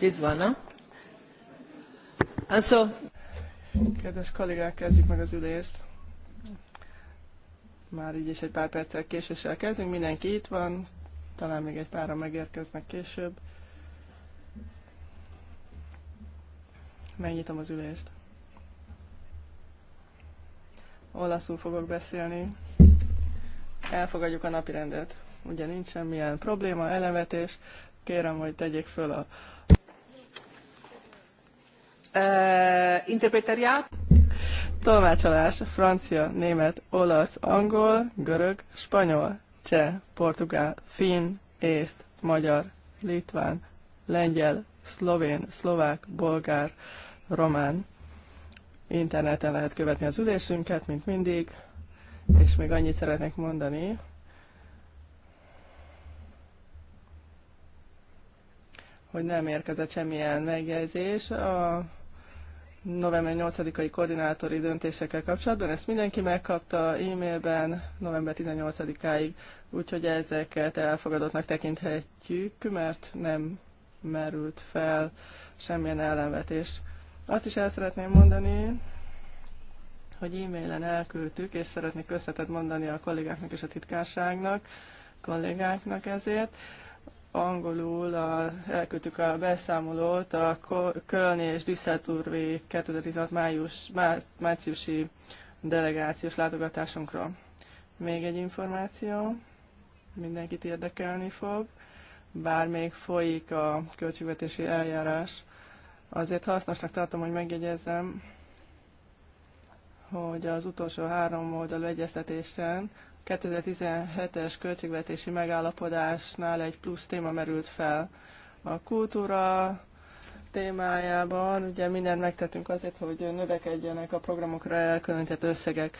This one, no? Kedves kollégák, kezdjük meg az ülést. Már így is egy pár perccel késéssel kezdünk, mindenki itt van, talán még egy pára megérkeznek később. Megnyitom az ülést. Olaszul fogok beszélni. Elfogadjuk a napirendet. Ugye nincs semmilyen probléma, elevetés. Kérem, hogy tegyék föl a Uh, interpretariát. Tolmácsolás francia, német, olasz, angol, görög, spanyol, cseh, portugál, finn, észt, magyar, litván, lengyel, szlovén, szlovák, bolgár, román. Interneten lehet követni az ülésünket, mint mindig, és még annyit szeretnék mondani, hogy nem érkezett semmilyen megjegyzés a november 8-ai koordinátori döntésekkel kapcsolatban. Ezt mindenki megkapta e-mailben november 18-áig, úgyhogy ezeket elfogadottnak tekinthetjük, mert nem merült fel semmilyen ellenvetés. Azt is el szeretném mondani, hogy e-mailen elküldtük, és szeretnék köszönetet mondani a kollégáknak és a titkárságnak, kollégáknak ezért angolul a, elküldtük a beszámolót a Kölni és Düsseldorfi 2016 május, már, márciusi delegációs látogatásunkról. Még egy információ, mindenkit érdekelni fog, bár még folyik a költségvetési eljárás. Azért hasznosnak tartom, hogy megjegyezem, hogy az utolsó három oldal egyeztetésen 2017-es költségvetési megállapodásnál egy plusz téma merült fel. A kultúra témájában ugye mindent megtettünk azért, hogy növekedjenek a programokra elkülönített összegek.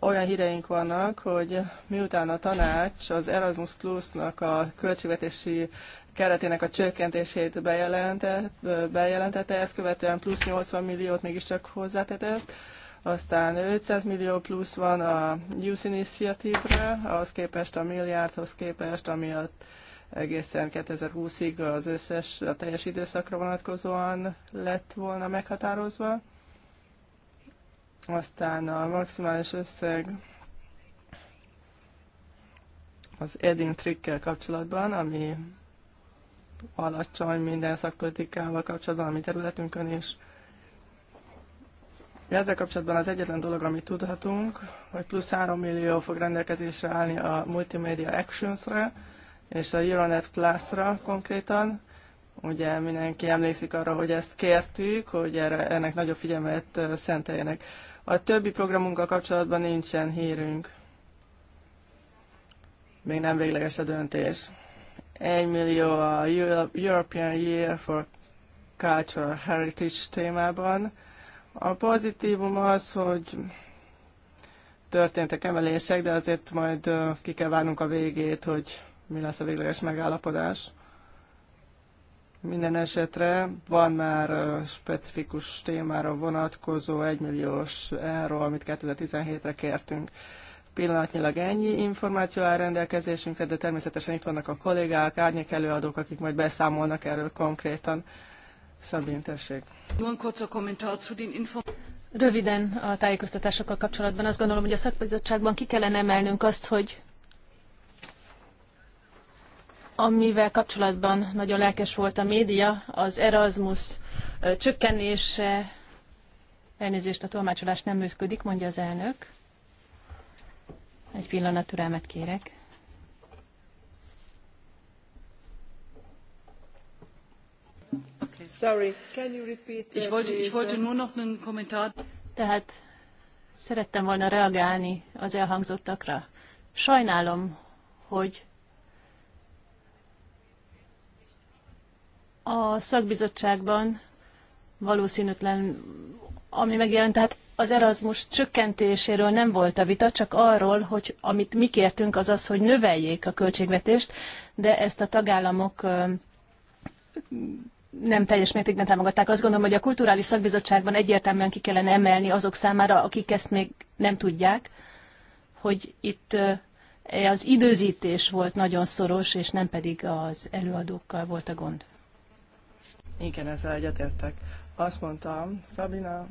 Olyan híreink vannak, hogy miután a tanács az Erasmus Plus-nak a költségvetési keretének a csökkentését bejelentette, bejelentette, ezt követően plusz 80 milliót mégiscsak hozzátetett, aztán 500 millió plusz van a Youth Initiative-re, ahhoz képest a milliárdhoz képest, ami a egészen 2020-ig az összes, a teljes időszakra vonatkozóan lett volna meghatározva. Aztán a maximális összeg az Edding trikkel kapcsolatban, ami alacsony minden szakpolitikával kapcsolatban, ami területünkön is ezzel kapcsolatban az egyetlen dolog, amit tudhatunk, hogy plusz 3 millió fog rendelkezésre állni a Multimedia Actions-re, és a Euronet Plus-ra konkrétan. Ugye mindenki emlékszik arra, hogy ezt kértük, hogy erre, ennek nagyobb figyelmet szenteljenek. A többi programunkkal kapcsolatban nincsen hírünk. Még nem végleges a döntés. 1 millió a European Year for Cultural Heritage témában, a pozitívum az, hogy történtek emelések, de azért majd ki kell várnunk a végét, hogy mi lesz a végleges megállapodás. Minden esetre van már specifikus témára vonatkozó 1 milliós euró, amit 2017-re kértünk. Pillanatnyilag ennyi információ áll rendelkezésünkre, de természetesen itt vannak a kollégák, árnyék előadók, akik majd beszámolnak erről konkrétan. Szabin, tessék. Röviden a tájékoztatásokkal kapcsolatban azt gondolom, hogy a szakbizottságban ki kellene emelnünk azt, hogy amivel kapcsolatban nagyon lelkes volt a média, az Erasmus csökkenése, elnézést a tolmácsolás nem működik, mondja az elnök. Egy pillanat türelmet kérek. Sorry, can you repeat uh, uh? nur noch einen Kommentar. Tehát szerettem volna reagálni az elhangzottakra. Sajnálom, hogy a szakbizottságban valószínűtlen, ami megjelent, tehát az Erasmus csökkentéséről nem volt a vita, csak arról, hogy amit mi kértünk, az az, hogy növeljék a költségvetést, de ezt a tagállamok nem teljes mértékben támogatták. Azt gondolom, hogy a kulturális szakbizottságban egyértelműen ki kellene emelni azok számára, akik ezt még nem tudják, hogy itt az időzítés volt nagyon szoros, és nem pedig az előadókkal volt a gond. Igen, ezzel egyetértek. Azt mondtam, Szabina,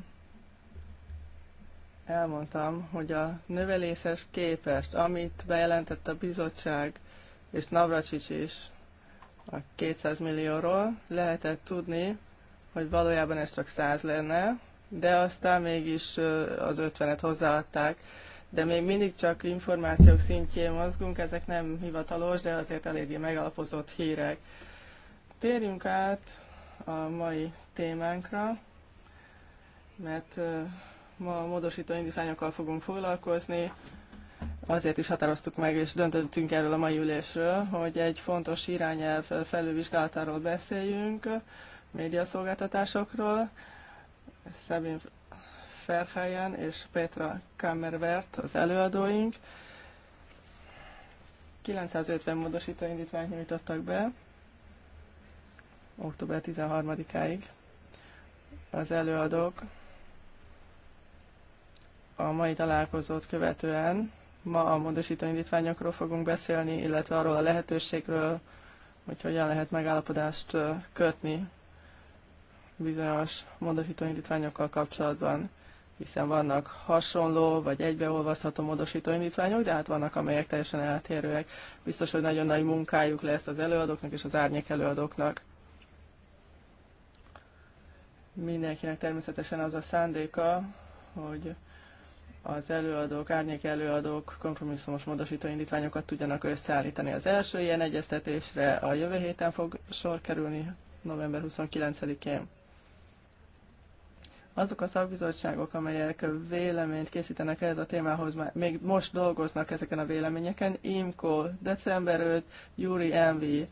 elmondtam, hogy a növelészes képest, amit bejelentett a bizottság, és Navracsics is, a 200 millióról. Lehetett tudni, hogy valójában ez csak 100 lenne, de aztán mégis az 50-et hozzáadták. De még mindig csak információk szintjén mozgunk, ezek nem hivatalos, de azért eléggé megalapozott hírek. Térjünk át a mai témánkra, mert ma a módosító indítványokkal fogunk foglalkozni, Azért is határoztuk meg és döntöttünk erről a mai ülésről, hogy egy fontos irányelv felülvizsgálatáról beszéljünk, médiaszolgáltatásokról. Szabin Ferhelyen és Petra Kammervert az előadóink. 950 módosító indítványt nyújtottak be október 13-áig. Az előadók a mai találkozót követően Ma a módosító indítványokról fogunk beszélni, illetve arról a lehetőségről, hogy hogyan lehet megállapodást kötni bizonyos módosító indítványokkal kapcsolatban, hiszen vannak hasonló vagy egybeolvasható módosító indítványok, de hát vannak, amelyek teljesen eltérőek. Biztos, hogy nagyon nagy munkájuk lesz az előadóknak és az árnyék előadóknak. Mindenkinek természetesen az a szándéka, hogy az előadók, árnyék előadók kompromisszumos módosító indítványokat tudjanak összeállítani. Az első ilyen egyeztetésre a jövő héten fog sor kerülni, november 29-én. Azok a szakbizottságok, amelyek véleményt készítenek ehhez a témához, már még most dolgoznak ezeken a véleményeken. IMCO december 5, Júri Envi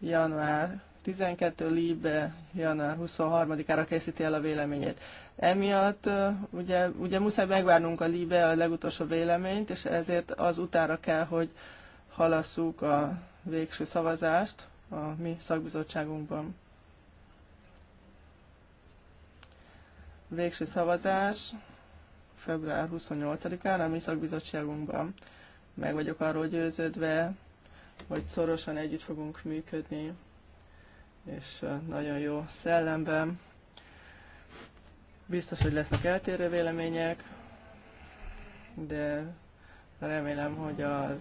január 12, Libe január 23-ára készíti el a véleményét. Emiatt ugye, ugye muszáj megvárnunk a LIBE a legutolsó véleményt, és ezért az utára kell, hogy halasszuk a végső szavazást a mi szakbizottságunkban. Végső szavazás február 28-án a mi szakbizottságunkban. Meg vagyok arról győződve, hogy szorosan együtt fogunk működni, és nagyon jó szellemben Biztos, hogy lesznek eltérő vélemények, de remélem, hogy az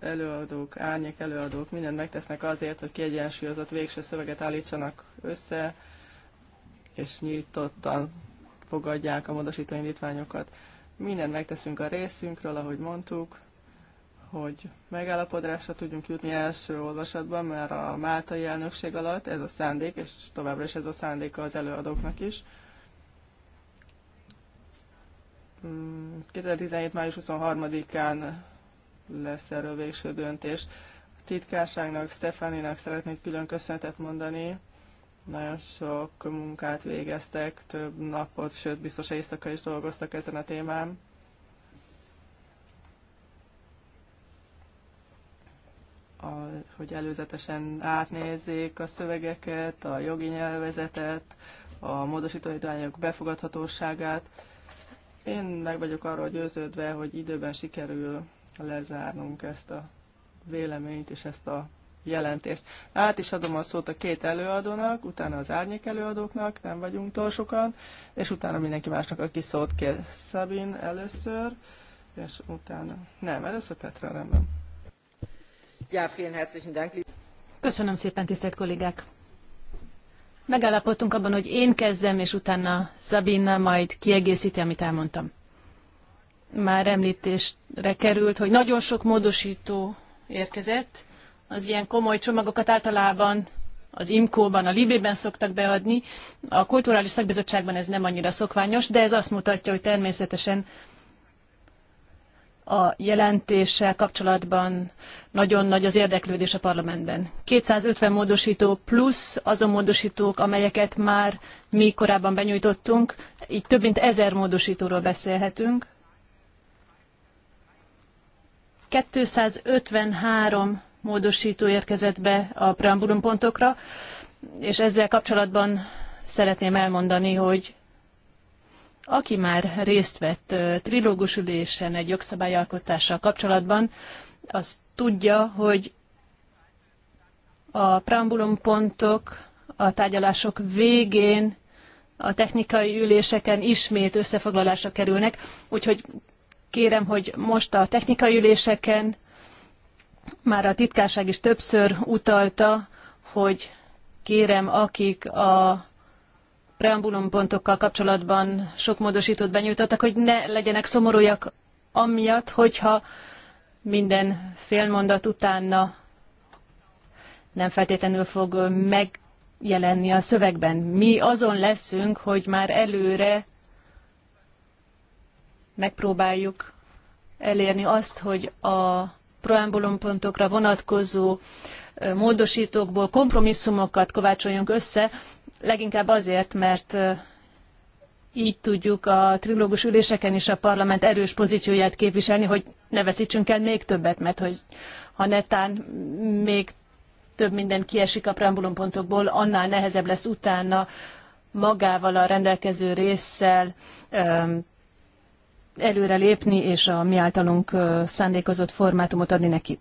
előadók, árnyék előadók mindent megtesznek azért, hogy kiegyensúlyozott végső szöveget állítsanak össze, és nyitottan fogadják a módosító indítványokat. Mindent megteszünk a részünkről, ahogy mondtuk, hogy megállapodásra tudjunk jutni első olvasatban, mert a máltai elnökség alatt ez a szándék, és továbbra is ez a szándéka az előadóknak is, 2017. Mm, május 23-án lesz erről végső döntés. A titkárságnak, Stefaninak szeretnék külön köszönetet mondani. Nagyon sok munkát végeztek, több napot, sőt biztos éjszaka is dolgoztak ezen a témán. a, hogy előzetesen átnézzék a szövegeket, a jogi nyelvezetet, a módosítóidányok befogadhatóságát. Én meg vagyok arról győződve, hogy időben sikerül lezárnunk ezt a véleményt és ezt a jelentést. Át is adom a szót a két előadónak, utána az árnyék előadóknak, nem vagyunk túl sokan, és utána mindenki másnak, aki szót kér. Szabin először, és utána... Nem, először Petra, nem. Ja, vielen herzlichen Dank. Köszönöm szépen, tisztelt kollégák! Megállapodtunk abban, hogy én kezdem, és utána Szabina majd kiegészíti, amit elmondtam. Már említésre került, hogy nagyon sok módosító érkezett. Az ilyen komoly csomagokat általában az IMKO-ban, a Libében szoktak beadni. A Kulturális Szakbizottságban ez nem annyira szokványos, de ez azt mutatja, hogy természetesen a jelentéssel kapcsolatban nagyon nagy az érdeklődés a parlamentben. 250 módosító plusz azon módosítók, amelyeket már mi korábban benyújtottunk, így több mint ezer módosítóról beszélhetünk. 253 módosító érkezett be a preambulum pontokra, és ezzel kapcsolatban szeretném elmondani, hogy aki már részt vett trilógusülésen egy jogszabályalkotással kapcsolatban, az tudja, hogy a preambulum pontok a tárgyalások végén a technikai üléseken ismét összefoglalásra kerülnek, úgyhogy kérem, hogy most a technikai üléseken már a titkárság is többször utalta, hogy kérem, akik a preambulum pontokkal kapcsolatban sok módosítót benyújtottak, hogy ne legyenek szomorúak amiatt, hogyha minden félmondat utána nem feltétlenül fog megjelenni a szövegben. Mi azon leszünk, hogy már előre megpróbáljuk elérni azt, hogy a pontokra vonatkozó módosítókból kompromisszumokat kovácsoljunk össze, leginkább azért, mert így tudjuk a trilógus üléseken is a parlament erős pozícióját képviselni, hogy ne veszítsünk el még többet, mert hogy ha netán még több minden kiesik a preambulumpontokból, annál nehezebb lesz utána magával a rendelkező résszel előre lépni, és a mi általunk szándékozott formátumot adni neki.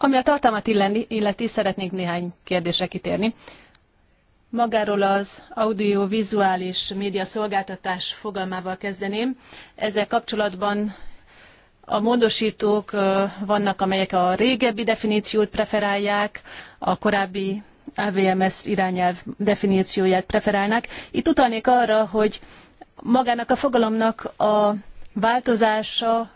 Ami a tartalmat illeti, szeretnék néhány kérdésre kitérni. Magáról az audiovizuális média szolgáltatás fogalmával kezdeném. Ezzel kapcsolatban a módosítók vannak, amelyek a régebbi definíciót preferálják, a korábbi AVMS irányelv definícióját preferálnak. Itt utalnék arra, hogy magának a fogalomnak a változása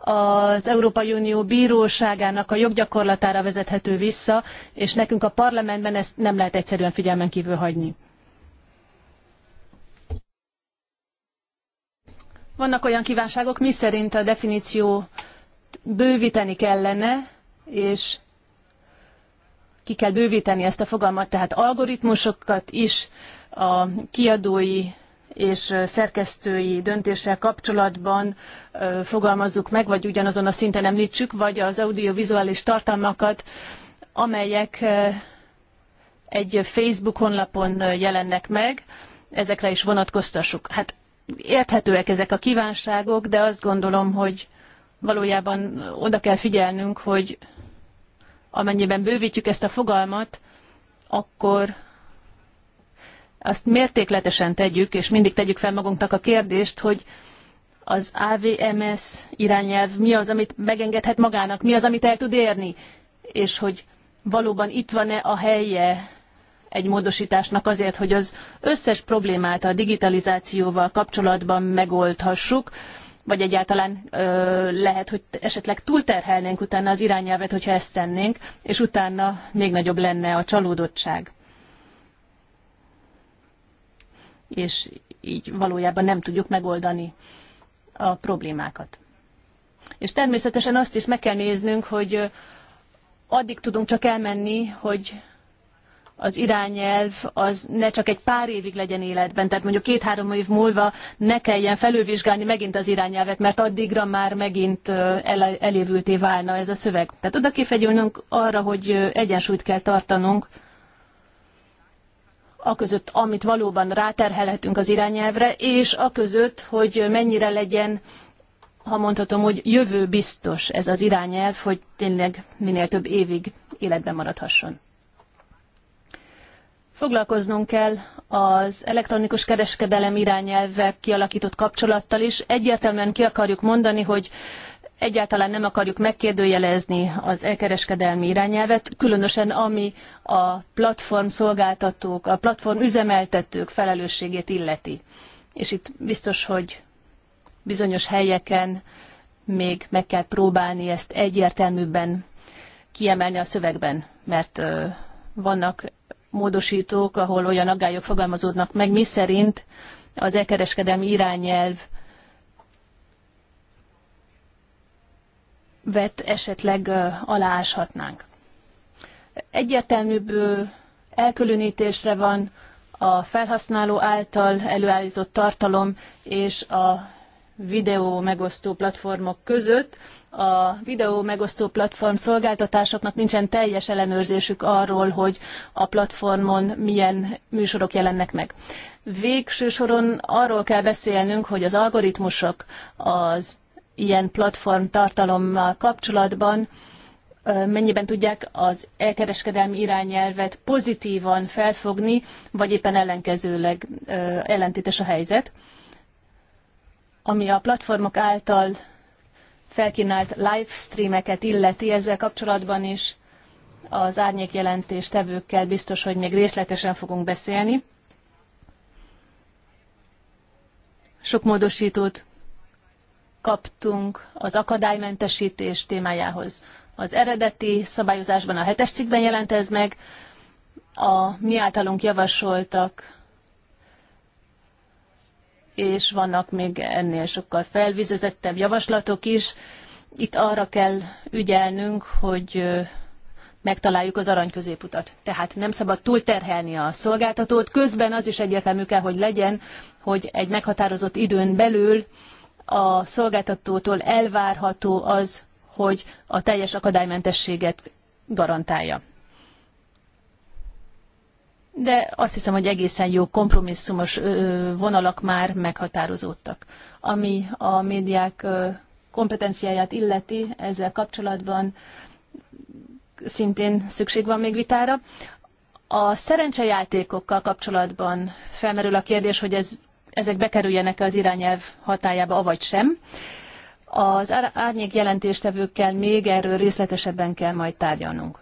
az Európai Unió bíróságának a joggyakorlatára vezethető vissza, és nekünk a parlamentben ezt nem lehet egyszerűen figyelmen kívül hagyni. Vannak olyan kívánságok, miszerint a definíció bővíteni kellene, és ki kell bővíteni ezt a fogalmat, tehát algoritmusokat is a kiadói és szerkesztői döntéssel kapcsolatban fogalmazzuk meg, vagy ugyanazon a szinten említsük, vagy az audiovizuális tartalmakat, amelyek egy Facebook honlapon jelennek meg, ezekre is vonatkoztassuk. Hát érthetőek ezek a kívánságok, de azt gondolom, hogy valójában oda kell figyelnünk, hogy amennyiben bővítjük ezt a fogalmat, akkor azt mértékletesen tegyük, és mindig tegyük fel magunknak a kérdést, hogy az AVMS irányelv mi az, amit megengedhet magának, mi az, amit el tud érni, és hogy valóban itt van-e a helye egy módosításnak azért, hogy az összes problémát a digitalizációval kapcsolatban megoldhassuk, vagy egyáltalán ö, lehet, hogy esetleg túlterhelnénk utána az irányelvet, hogyha ezt tennénk, és utána még nagyobb lenne a csalódottság. és így valójában nem tudjuk megoldani a problémákat. És természetesen azt is meg kell néznünk, hogy addig tudunk csak elmenni, hogy az irányelv az ne csak egy pár évig legyen életben, tehát mondjuk két-három év múlva ne kelljen felülvizsgálni megint az irányelvet, mert addigra már megint el, elévülté válna ez a szöveg. Tehát oda kifegyülnünk arra, hogy egyensúlyt kell tartanunk aközött, amit valóban ráterhelhetünk az irányelvre, és aközött, hogy mennyire legyen, ha mondhatom, hogy jövőbiztos ez az irányelv, hogy tényleg minél több évig életben maradhasson. Foglalkoznunk kell az elektronikus kereskedelem irányelvek kialakított kapcsolattal is. Egyértelműen ki akarjuk mondani, hogy Egyáltalán nem akarjuk megkérdőjelezni az elkereskedelmi irányelvet, különösen ami a platform szolgáltatók, a platform üzemeltetők felelősségét illeti. És itt biztos, hogy bizonyos helyeken még meg kell próbálni ezt egyértelműbben kiemelni a szövegben, mert vannak módosítók, ahol olyan aggályok fogalmazódnak meg, miszerint az elkereskedelmi irányelv vet esetleg aláshatnánk. Egyértelműbb elkülönítésre van a felhasználó által előállított tartalom és a videó megosztó platformok között. A videó megosztó platform szolgáltatásoknak nincsen teljes ellenőrzésük arról, hogy a platformon milyen műsorok jelennek meg. Végső soron arról kell beszélnünk, hogy az algoritmusok, az ilyen platform tartalommal kapcsolatban mennyiben tudják az elkereskedelmi irányelvet pozitívan felfogni, vagy éppen ellenkezőleg ellentétes a helyzet. Ami a platformok által felkínált livestreameket illeti ezzel kapcsolatban is, az árnyékjelentés jelentés tevőkkel biztos, hogy még részletesen fogunk beszélni. Sok módosítót kaptunk az akadálymentesítés témájához. Az eredeti szabályozásban a hetes cikkben jelent ez meg, a mi általunk javasoltak, és vannak még ennél sokkal felvizezettebb javaslatok is. Itt arra kell ügyelnünk, hogy megtaláljuk az arany középutat. Tehát nem szabad túlterhelni a szolgáltatót, közben az is egyértelmű kell, hogy legyen, hogy egy meghatározott időn belül a szolgáltatótól elvárható az, hogy a teljes akadálymentességet garantálja. De azt hiszem, hogy egészen jó kompromisszumos vonalak már meghatározódtak. Ami a médiák kompetenciáját illeti, ezzel kapcsolatban szintén szükség van még vitára. A szerencsejátékokkal kapcsolatban felmerül a kérdés, hogy ez ezek bekerüljenek az irányelv hatájába, avagy sem. Az árnyék jelentéstevőkkel még erről részletesebben kell majd tárgyalnunk.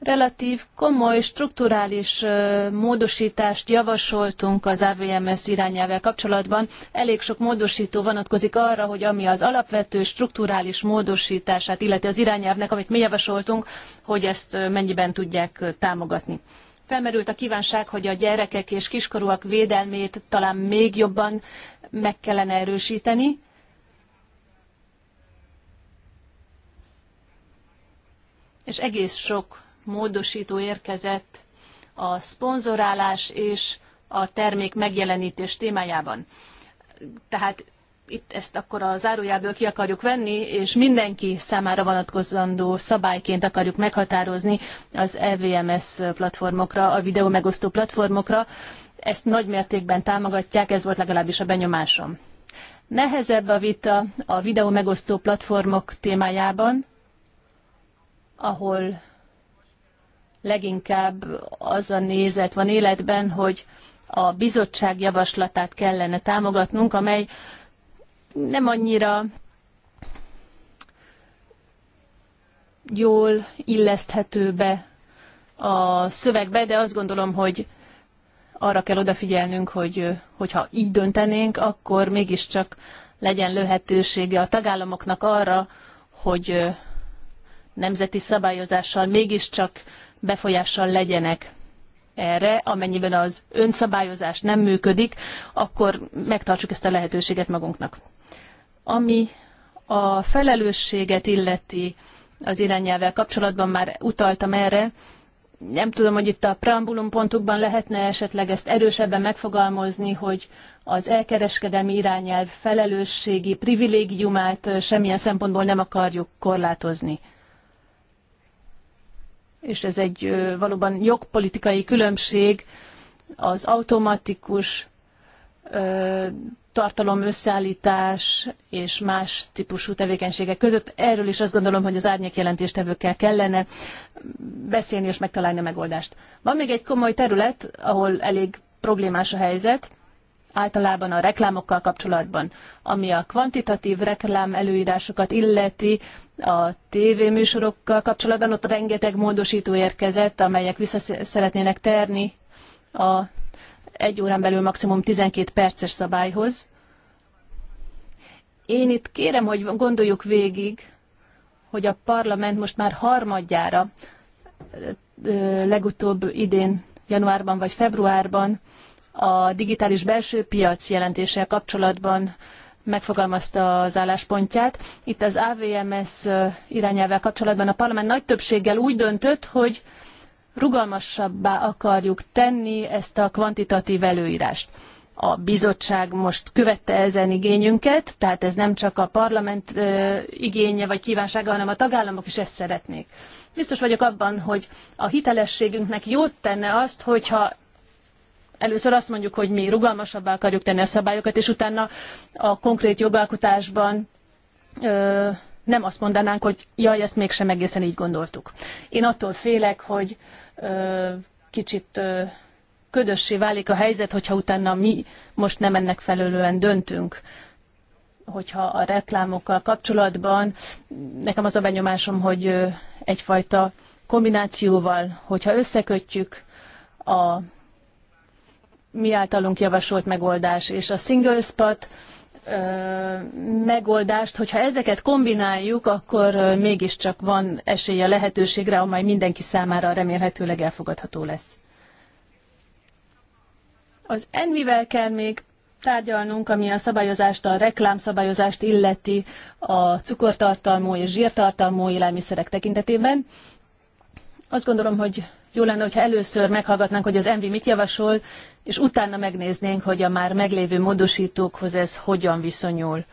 Relatív komoly strukturális módosítást javasoltunk az AVMS irányelvvel kapcsolatban. Elég sok módosító vonatkozik arra, hogy ami az alapvető strukturális módosítását, illeti az irányelvnek, amit mi javasoltunk, hogy ezt mennyiben tudják támogatni. Felmerült a kívánság, hogy a gyerekek és kiskorúak védelmét talán még jobban meg kellene erősíteni. És egész sok módosító érkezett a szponzorálás és a termék megjelenítés témájában. Tehát itt ezt akkor a zárójából ki akarjuk venni, és mindenki számára vonatkozandó szabályként akarjuk meghatározni az EVMS platformokra, a videó megosztó platformokra. Ezt nagy mértékben támogatják, ez volt legalábbis a benyomásom. Nehezebb a vita a videó megosztó platformok témájában, ahol leginkább az a nézet van életben, hogy a bizottság javaslatát kellene támogatnunk, amely nem annyira jól illeszthető be a szövegbe, de azt gondolom, hogy arra kell odafigyelnünk, hogy hogyha így döntenénk, akkor mégiscsak legyen lehetősége a tagállamoknak arra, hogy nemzeti szabályozással mégiscsak befolyással legyenek erre, amennyiben az önszabályozás nem működik, akkor megtartsuk ezt a lehetőséget magunknak. Ami a felelősséget illeti az irányelvvel kapcsolatban, már utaltam erre, nem tudom, hogy itt a preambulum pontokban lehetne esetleg ezt erősebben megfogalmazni, hogy az elkereskedelmi irányelv felelősségi privilégiumát semmilyen szempontból nem akarjuk korlátozni és ez egy valóban jogpolitikai különbség, az automatikus tartalom összeállítás és más típusú tevékenységek között. Erről is azt gondolom, hogy az árnyék jelentéstevőkkel kellene beszélni és megtalálni a megoldást. Van még egy komoly terület, ahol elég problémás a helyzet, általában a reklámokkal kapcsolatban, ami a kvantitatív reklám előírásokat illeti, a tévéműsorokkal kapcsolatban ott rengeteg módosító érkezett, amelyek vissza szeretnének terni a egy órán belül maximum 12 perces szabályhoz. Én itt kérem, hogy gondoljuk végig, hogy a parlament most már harmadjára, legutóbb idén, januárban vagy februárban a digitális belső piac jelentéssel kapcsolatban megfogalmazta az álláspontját. Itt az AVMS irányelvvel kapcsolatban a parlament nagy többséggel úgy döntött, hogy rugalmasabbá akarjuk tenni ezt a kvantitatív előírást. A bizottság most követte ezen igényünket, tehát ez nem csak a parlament igénye vagy kívánsága, hanem a tagállamok is ezt szeretnék. Biztos vagyok abban, hogy a hitelességünknek jót tenne azt, hogyha először azt mondjuk, hogy mi rugalmasabbá akarjuk tenni a szabályokat, és utána a konkrét jogalkotásban ö, nem azt mondanánk, hogy jaj, ezt mégsem egészen így gondoltuk. Én attól félek, hogy ö, kicsit ö, ködössé válik a helyzet, hogyha utána mi most nem ennek felelően döntünk hogyha a reklámokkal kapcsolatban, nekem az a benyomásom, hogy egyfajta kombinációval, hogyha összekötjük a mi általunk javasolt megoldás, és a single spot megoldást, hogyha ezeket kombináljuk, akkor mégiscsak van esély a lehetőségre, amely mindenki számára remélhetőleg elfogadható lesz. Az envivel kell még tárgyalnunk, ami a szabályozást, a reklámszabályozást illeti a cukortartalmú és zsírtartalmú élelmiszerek tekintetében. Azt gondolom, hogy jó lenne, hogyha először meghallgatnánk, hogy az MV mit javasol, és utána megnéznénk, hogy a már meglévő módosítókhoz ez hogyan viszonyul.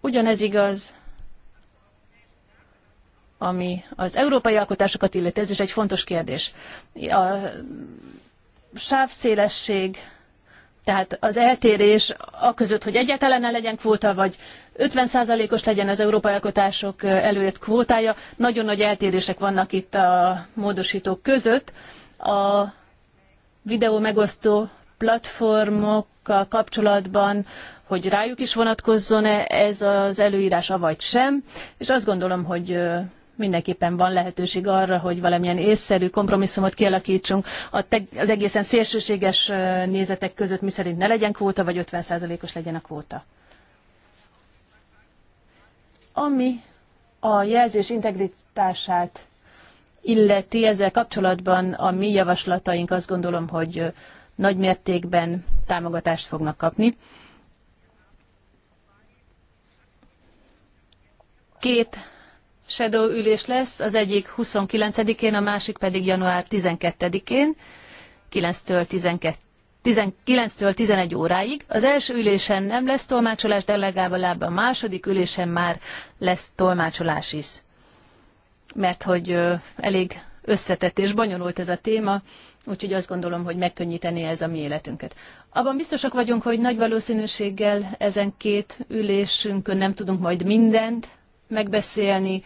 Ugyanez igaz, ami az európai alkotásokat illeti, ez is egy fontos kérdés. A sávszélesség, tehát az eltérés a között, hogy egyáltalán ne legyen kvóta, vagy 50%-os legyen az európai alkotások előírt kvótája. Nagyon nagy eltérések vannak itt a módosítók között. A videó megosztó platformokkal kapcsolatban, hogy rájuk is vonatkozzon-e ez az előírás, avagy sem, és azt gondolom, hogy mindenképpen van lehetőség arra, hogy valamilyen észszerű kompromisszumot kialakítsunk az egészen szélsőséges nézetek között, miszerint ne legyen kvóta, vagy 50%-os legyen a kvóta. Ami a jelzés integritását illeti, ezzel kapcsolatban a mi javaslataink azt gondolom, hogy nagy mértékben támogatást fognak kapni. Két shadow ülés lesz, az egyik 29-én, a másik pedig január 12-én, 9-től 19-től 11 óráig. Az első ülésen nem lesz tolmácsolás, de legalább a második ülésen már lesz tolmácsolás is. Mert hogy elég összetett és bonyolult ez a téma, úgyhogy azt gondolom, hogy megkönnyíteni ez a mi életünket. Abban biztosak vagyunk, hogy nagy valószínűséggel ezen két ülésünkön nem tudunk majd mindent megbeszélni,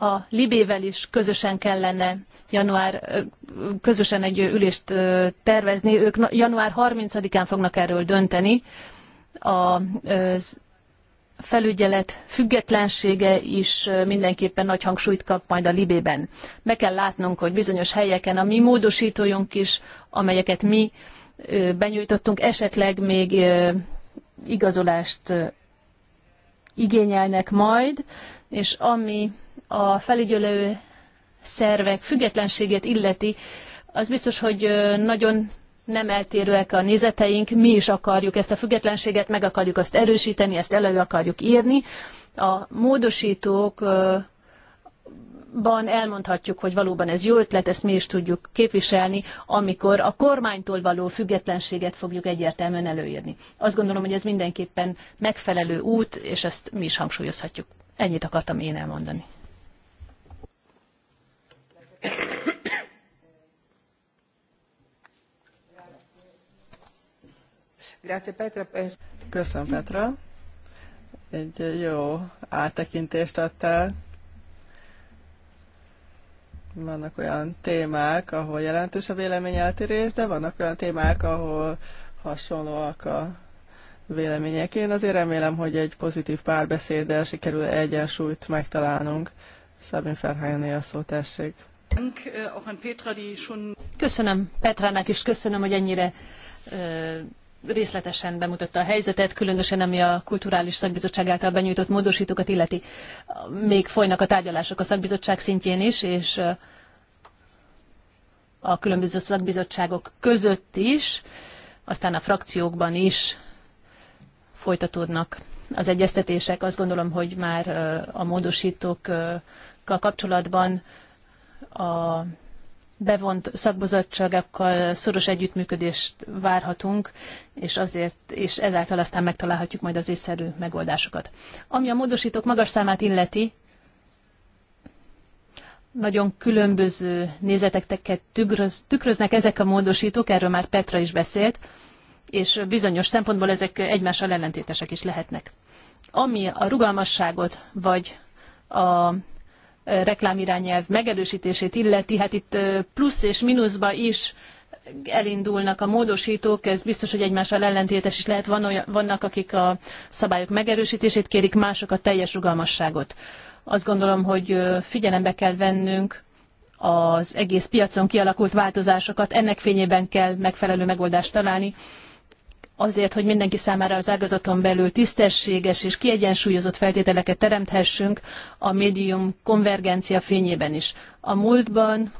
a Libével is közösen kellene január, közösen egy ülést tervezni. Ők január 30-án fognak erről dönteni. A felügyelet függetlensége is mindenképpen nagy hangsúlyt kap majd a Libében. Meg kell látnunk, hogy bizonyos helyeken a mi módosítójunk is, amelyeket mi benyújtottunk, esetleg még igazolást igényelnek majd, és ami a felügyelő szervek függetlenségét illeti, az biztos, hogy nagyon nem eltérőek a nézeteink, mi is akarjuk ezt a függetlenséget, meg akarjuk azt erősíteni, ezt elő akarjuk írni. A módosítókban elmondhatjuk, hogy valóban ez jó ötlet, ezt mi is tudjuk képviselni, amikor a kormánytól való függetlenséget fogjuk egyértelműen előírni. Azt gondolom, hogy ez mindenképpen megfelelő út, és ezt mi is hangsúlyozhatjuk. Ennyit akartam én elmondani. Köszönöm, Petra. Egy jó áttekintést adtál. Vannak olyan témák, ahol jelentős a véleményeltérés, de vannak olyan témák, ahol hasonlóak a vélemények. Én azért remélem, hogy egy pozitív párbeszéddel sikerül egyensúlyt megtalálnunk. Szabin Ferhányné a szó, tessék. Äh, köszönöm Petrának is, köszönöm, hogy ennyire äh, részletesen bemutatta a helyzetet, különösen ami a Kulturális Szakbizottság által benyújtott módosítókat illeti. Még folynak a tárgyalások a szakbizottság szintjén is, és a különböző szakbizottságok között is, aztán a frakciókban is folytatódnak az egyeztetések. Azt gondolom, hogy már a módosítókkal kapcsolatban a bevont szakbizottságokkal szoros együttműködést várhatunk, és azért, és ezáltal aztán megtalálhatjuk majd az észszerű megoldásokat. Ami a módosítók magas számát illeti, nagyon különböző nézeteket tükröz, tükröznek ezek a módosítók, erről már Petra is beszélt, és bizonyos szempontból ezek egymással ellentétesek is lehetnek. Ami a rugalmasságot, vagy a reklámirányelv megerősítését illeti, hát itt plusz és mínuszba is elindulnak a módosítók, ez biztos, hogy egymással ellentétes is lehet. Van olyan, vannak, akik a szabályok megerősítését kérik, mások a teljes rugalmasságot. Azt gondolom, hogy figyelembe kell vennünk az egész piacon kialakult változásokat, ennek fényében kell megfelelő megoldást találni, azért, hogy mindenki számára az ágazaton belül tisztességes és kiegyensúlyozott feltételeket teremthessünk a médium konvergencia fényében is. A múltban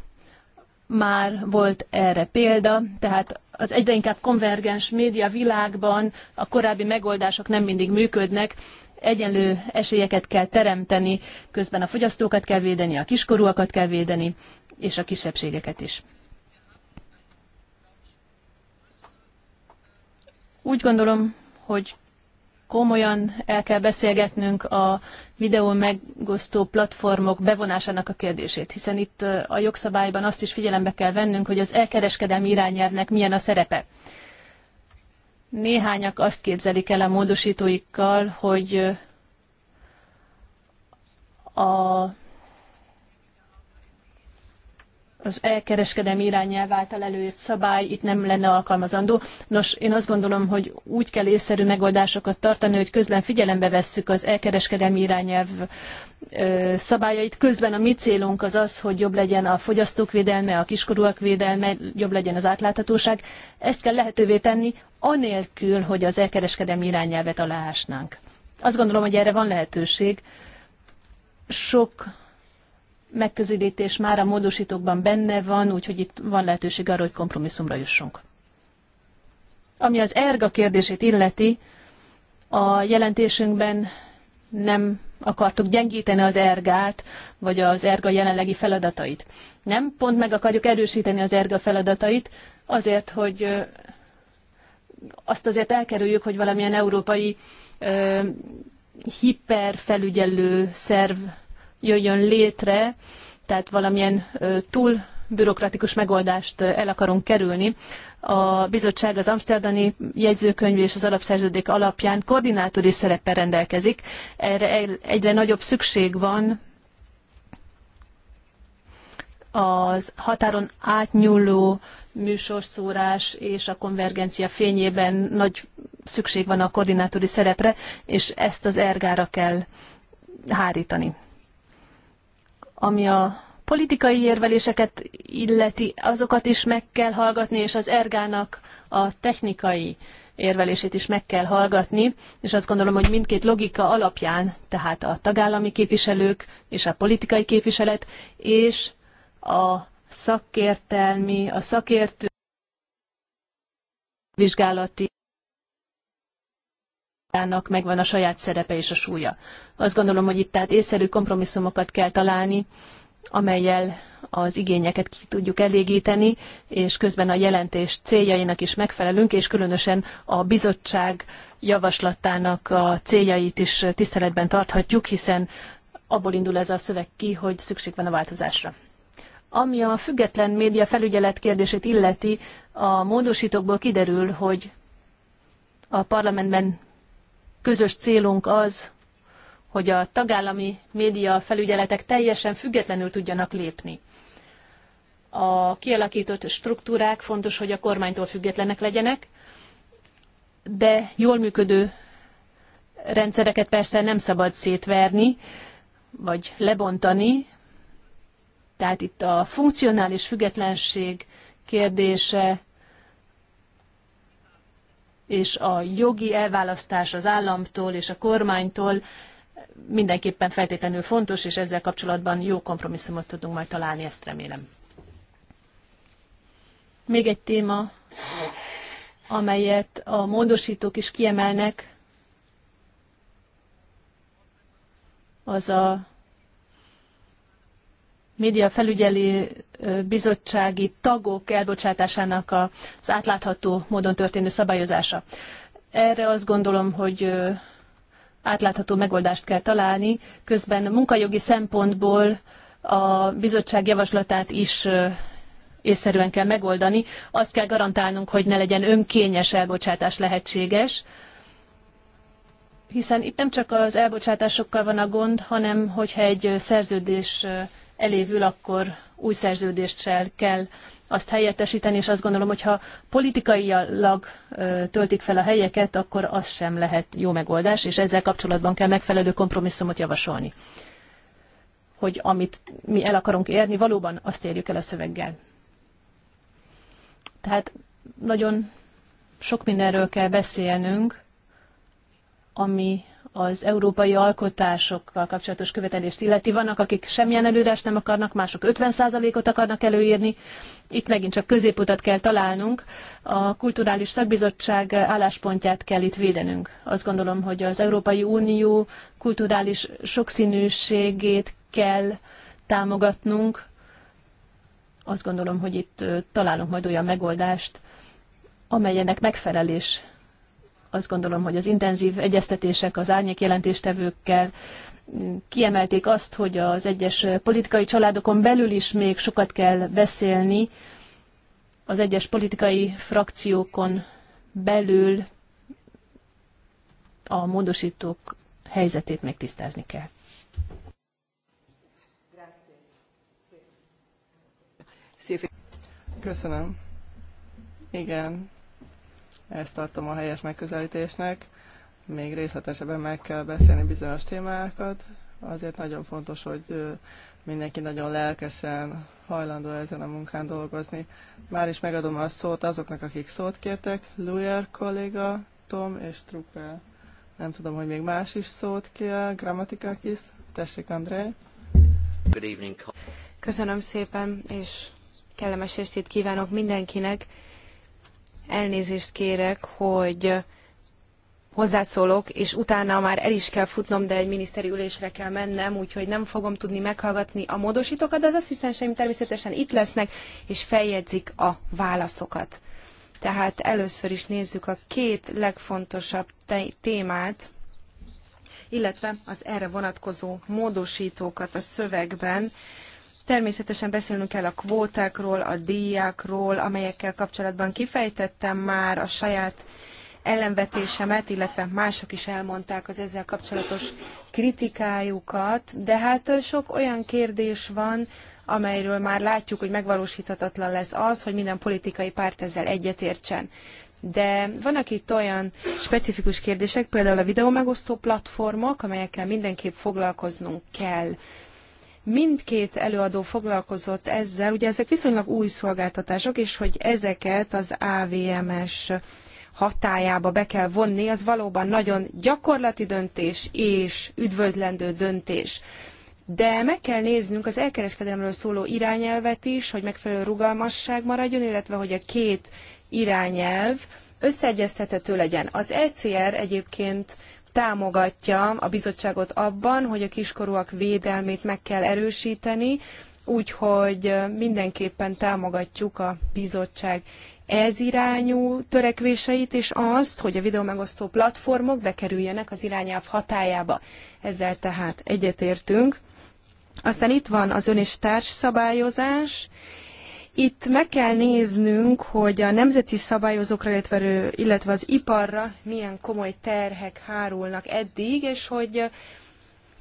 már volt erre példa, tehát az egyre inkább konvergens média világban a korábbi megoldások nem mindig működnek, egyenlő esélyeket kell teremteni, közben a fogyasztókat kell védeni, a kiskorúakat kell védeni, és a kisebbségeket is. Úgy gondolom, hogy komolyan el kell beszélgetnünk a videó megosztó platformok bevonásának a kérdését, hiszen itt a jogszabályban azt is figyelembe kell vennünk, hogy az elkereskedelmi irányelvnek milyen a szerepe. Néhányak azt képzelik el a módosítóikkal, hogy a az elkereskedelmi irányelv által előírt szabály itt nem lenne alkalmazandó. Nos, én azt gondolom, hogy úgy kell észszerű megoldásokat tartani, hogy közben figyelembe vesszük az elkereskedelmi irányelv szabályait. Közben a mi célunk az az, hogy jobb legyen a fogyasztók védelme, a kiskorúak védelme, jobb legyen az átláthatóság. Ezt kell lehetővé tenni, anélkül, hogy az elkereskedelmi irányelvet aláásnánk. Azt gondolom, hogy erre van lehetőség. Sok megközelítés már a módosítókban benne van, úgyhogy itt van lehetőség arra, hogy kompromisszumra jussunk. Ami az erga kérdését illeti, a jelentésünkben nem akartuk gyengíteni az ergát, vagy az erga jelenlegi feladatait. Nem, pont meg akarjuk erősíteni az erga feladatait, azért, hogy azt azért elkerüljük, hogy valamilyen európai hiperfelügyelő szerv jöjjön létre, tehát valamilyen túl bürokratikus megoldást el akarunk kerülni. A bizottság az Amsterdami jegyzőkönyv és az alapszerződék alapján koordinátori szereppel rendelkezik. Erre egyre nagyobb szükség van az határon átnyúló műsorszórás és a konvergencia fényében nagy szükség van a koordinátori szerepre, és ezt az ergára kell hárítani. Ami a politikai érveléseket illeti, azokat is meg kell hallgatni, és az ergának a technikai érvelését is meg kell hallgatni, és azt gondolom, hogy mindkét logika alapján, tehát a tagállami képviselők és a politikai képviselet, és a szakértelmi, a szakértő vizsgálati Európának megvan a saját szerepe és a súlya. Azt gondolom, hogy itt tehát észszerű kompromisszumokat kell találni, amelyel az igényeket ki tudjuk elégíteni, és közben a jelentés céljainak is megfelelünk, és különösen a bizottság javaslatának a céljait is tiszteletben tarthatjuk, hiszen abból indul ez a szöveg ki, hogy szükség van a változásra. Ami a független média felügyelet kérdését illeti, a módosítókból kiderül, hogy a parlamentben Közös célunk az, hogy a tagállami média felügyeletek teljesen függetlenül tudjanak lépni. A kialakított struktúrák fontos, hogy a kormánytól függetlenek legyenek, de jól működő rendszereket persze nem szabad szétverni, vagy lebontani. Tehát itt a funkcionális függetlenség kérdése és a jogi elválasztás az államtól és a kormánytól mindenképpen feltétlenül fontos, és ezzel kapcsolatban jó kompromisszumot tudunk majd találni, ezt remélem. Még egy téma, amelyet a módosítók is kiemelnek, az a média felügyeli bizottsági tagok elbocsátásának az átlátható módon történő szabályozása. Erre azt gondolom, hogy átlátható megoldást kell találni, közben munkajogi szempontból a bizottság javaslatát is észszerűen kell megoldani. Azt kell garantálnunk, hogy ne legyen önkényes elbocsátás lehetséges, hiszen itt nem csak az elbocsátásokkal van a gond, hanem hogyha egy szerződés elévül, akkor új szerződéssel kell azt helyettesíteni, és azt gondolom, hogy ha politikailag töltik fel a helyeket, akkor az sem lehet jó megoldás, és ezzel kapcsolatban kell megfelelő kompromisszumot javasolni. Hogy amit mi el akarunk érni, valóban azt érjük el a szöveggel. Tehát nagyon sok mindenről kell beszélnünk, ami az európai alkotásokkal kapcsolatos követelést illeti. Vannak, akik semmilyen előrást nem akarnak, mások 50%-ot akarnak előírni. Itt megint csak középutat kell találnunk. A Kulturális Szakbizottság álláspontját kell itt védenünk. Azt gondolom, hogy az Európai Unió kulturális sokszínűségét kell támogatnunk. Azt gondolom, hogy itt találunk majd olyan megoldást, amelyenek megfelelés azt gondolom, hogy az intenzív egyeztetések az árnyék jelentéstevőkkel kiemelték azt, hogy az egyes politikai családokon belül is még sokat kell beszélni, az egyes politikai frakciókon belül a módosítók helyzetét még tisztázni kell. Köszönöm. Igen, ezt tartom a helyes megközelítésnek. Még részletesebben meg kell beszélni bizonyos témákat. Azért nagyon fontos, hogy mindenki nagyon lelkesen hajlandó ezen a munkán dolgozni. Már is megadom a szót azoknak, akik szót kértek. Lujer kolléga, Tom és Truppel. Nem tudom, hogy még más is szót kér. Grammatikakis. Tessék, André. Good evening. Köszönöm szépen, és kellemes estét kívánok mindenkinek. Elnézést kérek, hogy hozzászólok, és utána már el is kell futnom, de egy miniszteri ülésre kell mennem, úgyhogy nem fogom tudni meghallgatni a módosítókat, de az asszisztenseim természetesen itt lesznek, és feljegyzik a válaszokat. Tehát először is nézzük a két legfontosabb témát, illetve az erre vonatkozó módosítókat a szövegben. Természetesen beszélnünk kell a kvótákról, a díjákról, amelyekkel kapcsolatban kifejtettem már a saját ellenvetésemet, illetve mások is elmondták az ezzel kapcsolatos kritikájukat, de hát sok olyan kérdés van, amelyről már látjuk, hogy megvalósíthatatlan lesz az, hogy minden politikai párt ezzel egyetértsen. De vannak itt olyan specifikus kérdések, például a videómegosztó platformok, amelyekkel mindenképp foglalkoznunk kell. Mindkét előadó foglalkozott ezzel, ugye ezek viszonylag új szolgáltatások, és hogy ezeket az AVMS hatájába be kell vonni, az valóban nagyon gyakorlati döntés és üdvözlendő döntés. De meg kell néznünk az elkereskedelemről szóló irányelvet is, hogy megfelelő rugalmasság maradjon, illetve hogy a két irányelv összeegyeztethető legyen. Az ECR egyébként támogatja a bizottságot abban, hogy a kiskorúak védelmét meg kell erősíteni, úgyhogy mindenképpen támogatjuk a bizottság ez irányú törekvéseit, és azt, hogy a videómegosztó platformok bekerüljenek az irányelv hatájába. Ezzel tehát egyetértünk. Aztán itt van az ön és társszabályozás. szabályozás. Itt meg kell néznünk, hogy a nemzeti szabályozókra, illetve, illetve az iparra milyen komoly terhek hárulnak eddig, és hogy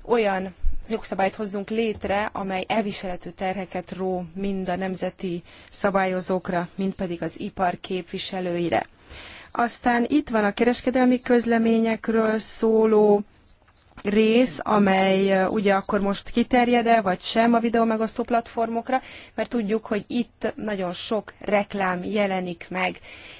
olyan jogszabályt hozzunk létre, amely elviselhető terheket ró mind a nemzeti szabályozókra, mind pedig az ipar képviselőire. Aztán itt van a kereskedelmi közleményekről szóló rész, amely ugye akkor most kiterjed-e, vagy sem a videó megosztó platformokra, mert tudjuk, hogy itt nagyon sok reklám jelenik meg.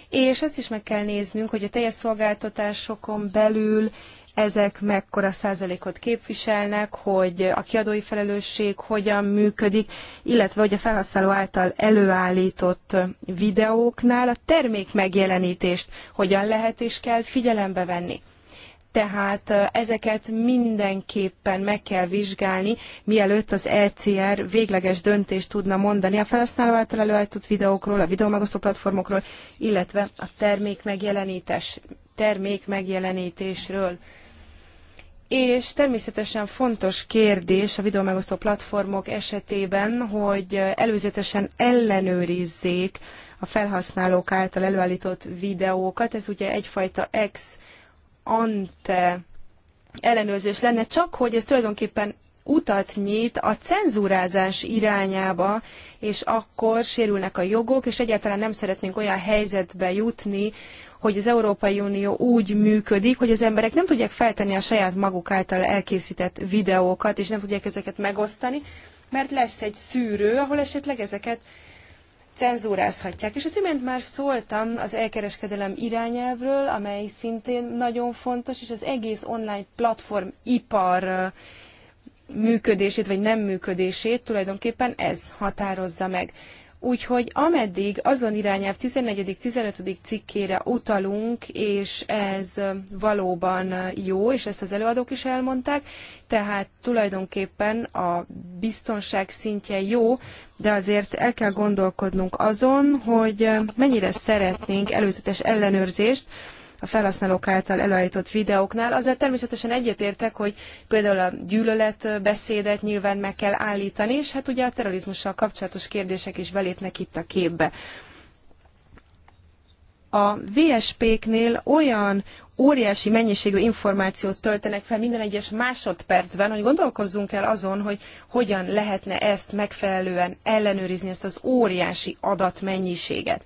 És ezt is meg kell néznünk, hogy a teljes szolgáltatásokon belül ezek mekkora százalékot képviselnek, hogy a kiadói felelősség hogyan működik, illetve hogy a felhasználó által előállított videóknál a termék megjelenítést hogyan lehet és kell figyelembe venni tehát ezeket mindenképpen meg kell vizsgálni, mielőtt az ECR végleges döntést tudna mondani a felhasználó által előállított videókról, a videómegosztó platformokról, illetve a termék, megjelenítés, termék megjelenítésről. És természetesen fontos kérdés a videómegosztó platformok esetében, hogy előzetesen ellenőrizzék a felhasználók által előállított videókat. Ez ugye egyfajta ex ante ellenőrzés lenne, csak hogy ez tulajdonképpen utat nyit a cenzúrázás irányába, és akkor sérülnek a jogok, és egyáltalán nem szeretnénk olyan helyzetbe jutni, hogy az Európai Unió úgy működik, hogy az emberek nem tudják feltenni a saját maguk által elkészített videókat, és nem tudják ezeket megosztani, mert lesz egy szűrő, ahol esetleg ezeket cenzúrázhatják. És az imént már szóltam az elkereskedelem irányelvről, amely szintén nagyon fontos, és az egész online platform ipar működését vagy nem működését tulajdonképpen ez határozza meg. Úgyhogy ameddig azon irányelv 14.-15. cikkére utalunk, és ez valóban jó, és ezt az előadók is elmondták, tehát tulajdonképpen a biztonság szintje jó, de azért el kell gondolkodnunk azon, hogy mennyire szeretnénk előzetes ellenőrzést, a felhasználók által előállított videóknál. Azzal természetesen egyetértek, hogy például a gyűlöletbeszédet nyilván meg kell állítani, és hát ugye a terrorizmussal kapcsolatos kérdések is belépnek itt a képbe. A VSP-knél olyan óriási mennyiségű információt töltenek fel minden egyes másodpercben, hogy gondolkozzunk el azon, hogy hogyan lehetne ezt megfelelően ellenőrizni, ezt az óriási adatmennyiséget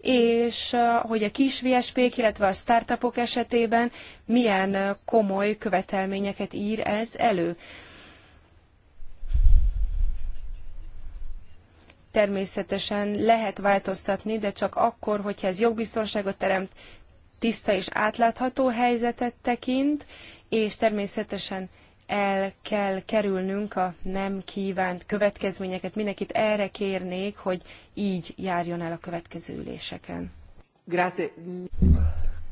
és hogy a kis VSP-k, illetve a startupok esetében milyen komoly követelményeket ír ez elő. Természetesen lehet változtatni, de csak akkor, hogyha ez jogbiztonságot teremt, tiszta és átlátható helyzetet tekint, és természetesen el kell kerülnünk a nem kívánt következményeket. Mindenkit erre kérnék, hogy így járjon el a következő üléseken. Grazie.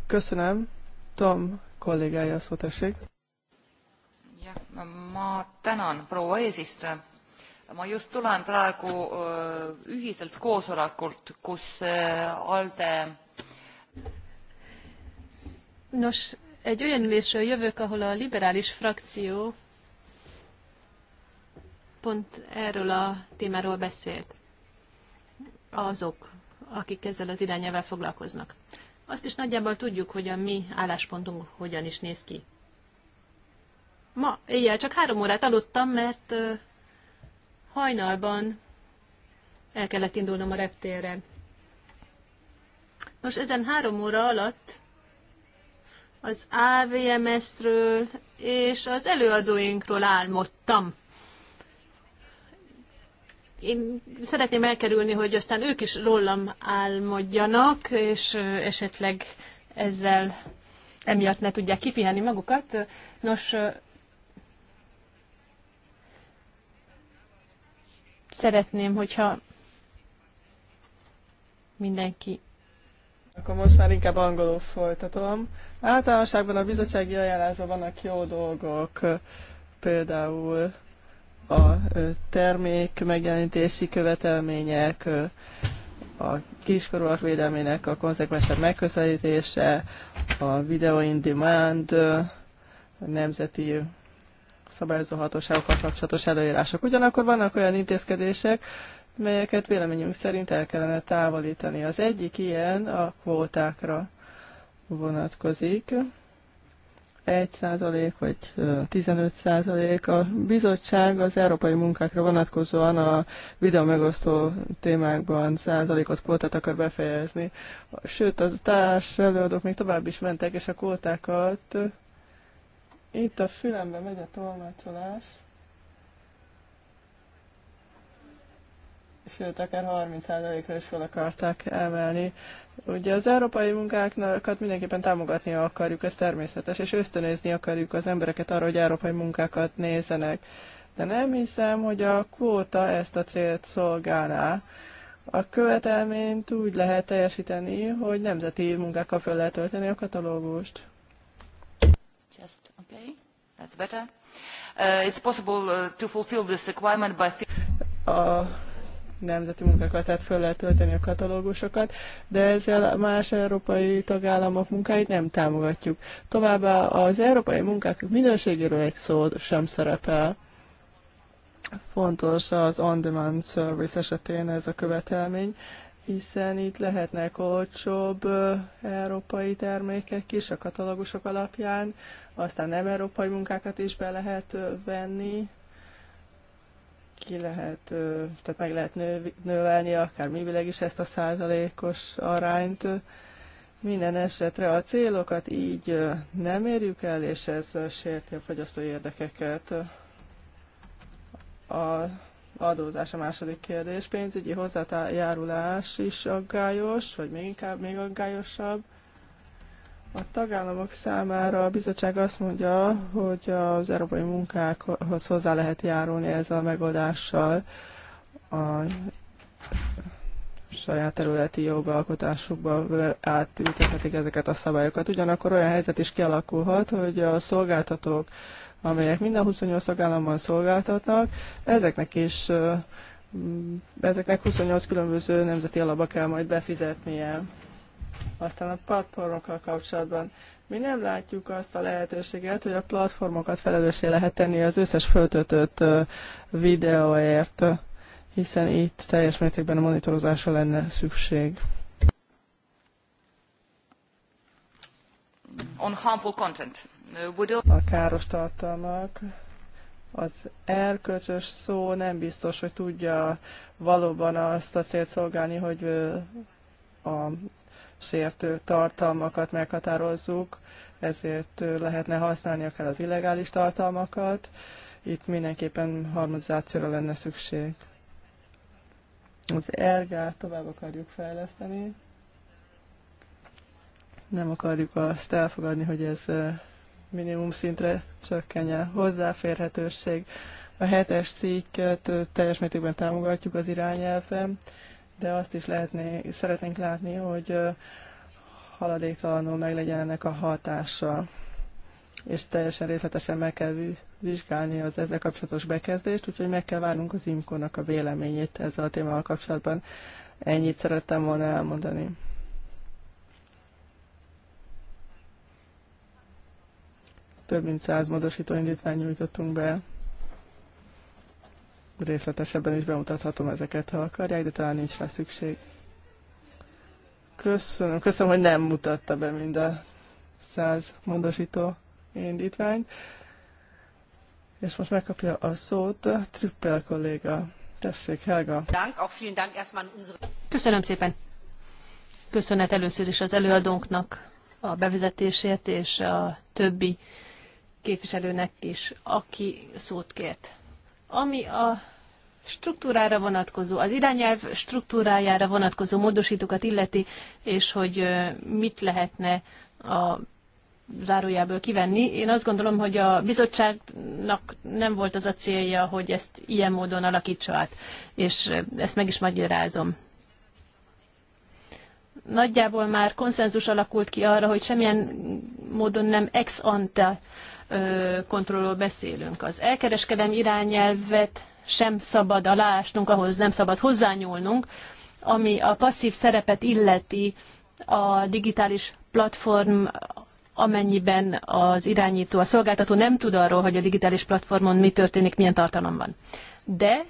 Köszönöm. Tom kollégája a szóval tessék. Ja, ma tänan, proua eesistuja. Ma just tulen praegu ühiselt koosolekult, kus ALDE Nos, egy olyan ülésről jövök, ahol a liberális frakció pont erről a témáról beszélt. Azok, akik ezzel az irányával foglalkoznak. Azt is nagyjából tudjuk, hogy a mi álláspontunk hogyan is néz ki. Ma éjjel csak három órát aludtam, mert hajnalban el kellett indulnom a reptérre. Most ezen három óra alatt az AVMS-ről és az előadóinkról álmodtam. Én szeretném elkerülni, hogy aztán ők is rólam álmodjanak, és esetleg ezzel emiatt ne tudják kipihenni magukat. Nos, szeretném, hogyha mindenki akkor most már inkább angolul folytatom. Általánosságban a bizottsági ajánlásban vannak jó dolgok, például a termék megjelenítési követelmények, a kiskorúak védelmének a konzekvensebb megközelítése, a video in demand, a nemzeti szabályozó hatóságokkal kapcsolatos előírások. Ugyanakkor vannak olyan intézkedések, melyeket véleményünk szerint el kellene távolítani. Az egyik ilyen a kvótákra vonatkozik. 1% vagy 15%. A bizottság az európai munkákra vonatkozóan a videó megosztó témákban százalékot kvótát akar befejezni. Sőt, az társ előadók még tovább is mentek, és a kvótákat itt a fülembe megy a tolmácsolás. sőt, akár 30%-ra is fel akarták emelni. Ugye az európai munkákat mindenképpen támogatni akarjuk, ez természetes, és ösztönözni akarjuk az embereket arra, hogy európai munkákat nézzenek. De nem hiszem, hogy a kvóta ezt a célt szolgálná. A követelményt úgy lehet teljesíteni, hogy nemzeti munkákkal fel lehet tölteni a katalógust. Just, okay. That's better. Uh, it's possible uh, to fulfill this requirement by... A nemzeti munkákat, tehát föl lehet tölteni a katalógusokat, de ezzel más európai tagállamok munkáit nem támogatjuk. Továbbá az európai munkák minőségéről egy szó sem szerepel. Fontos az on-demand service esetén ez a követelmény, hiszen itt lehetnek olcsóbb európai termékek is a katalógusok alapján, aztán nem európai munkákat is be lehet venni, ki lehet, tehát meg lehet nő, növelni akár művileg is ezt a százalékos arányt. Minden esetre a célokat így nem érjük el, és ez sérti a fogyasztói érdekeket. A adózás a második kérdés. Pénzügyi hozzájárulás is aggályos, vagy még inkább még aggályosabb. A tagállamok számára a bizottság azt mondja, hogy az európai munkákhoz hozzá lehet járulni ezzel a megoldással a saját területi jogalkotásukba átültethetik ezeket a szabályokat. Ugyanakkor olyan helyzet is kialakulhat, hogy a szolgáltatók, amelyek minden 28 tagállamban szolgáltatnak, ezeknek is ezeknek 28 különböző nemzeti alapba kell majd befizetnie. Aztán a platformokkal kapcsolatban mi nem látjuk azt a lehetőséget, hogy a platformokat felelőssé lehet tenni az összes föltöltött videóért, hiszen itt teljes mértékben a monitorozásra lenne szükség. On harmful content. A káros tartalmak az erkölcsös szó nem biztos, hogy tudja valóban azt a célt szolgálni, hogy a sértő tartalmakat meghatározzuk, ezért lehetne használni akár az illegális tartalmakat. Itt mindenképpen harmonizációra lenne szükség. Az ergát tovább akarjuk fejleszteni. Nem akarjuk azt elfogadni, hogy ez minimum szintre csökkenjen. Hozzáférhetőség. A hetes cikket teljes mértékben támogatjuk az irányelvben de azt is lehetné, szeretnénk látni, hogy haladéktalanul meg legyen ennek a hatása, és teljesen részletesen meg kell vizsgálni az ezzel kapcsolatos bekezdést, úgyhogy meg kell várnunk az imkónak a véleményét ezzel a témával kapcsolatban. Ennyit szerettem volna elmondani. Több mint száz módosító indítványt nyújtottunk be részletesebben is bemutathatom ezeket, ha akarják, de talán nincs rá szükség. Köszönöm, köszönöm, hogy nem mutatta be mind a száz mondosító indítványt. És most megkapja a szót a Trüppel kolléga. Tessék, Helga. Köszönöm szépen. Köszönet először is az előadónknak a bevezetésért, és a többi képviselőnek is, aki szót kért. Ami a struktúrára vonatkozó, az irányelv struktúrájára vonatkozó módosítókat illeti, és hogy mit lehetne a zárójából kivenni. Én azt gondolom, hogy a bizottságnak nem volt az a célja, hogy ezt ilyen módon alakítsa át, és ezt meg is magyarázom. Nagyjából már konszenzus alakult ki arra, hogy semmilyen módon nem ex ante kontrollról beszélünk. Az elkereskedem irányelvet sem szabad aláásnunk, ahhoz nem szabad hozzányúlnunk, ami a passzív szerepet illeti a digitális platform amennyiben az irányító, a szolgáltató nem tud arról, hogy a digitális platformon mi történik, milyen tartalom van. De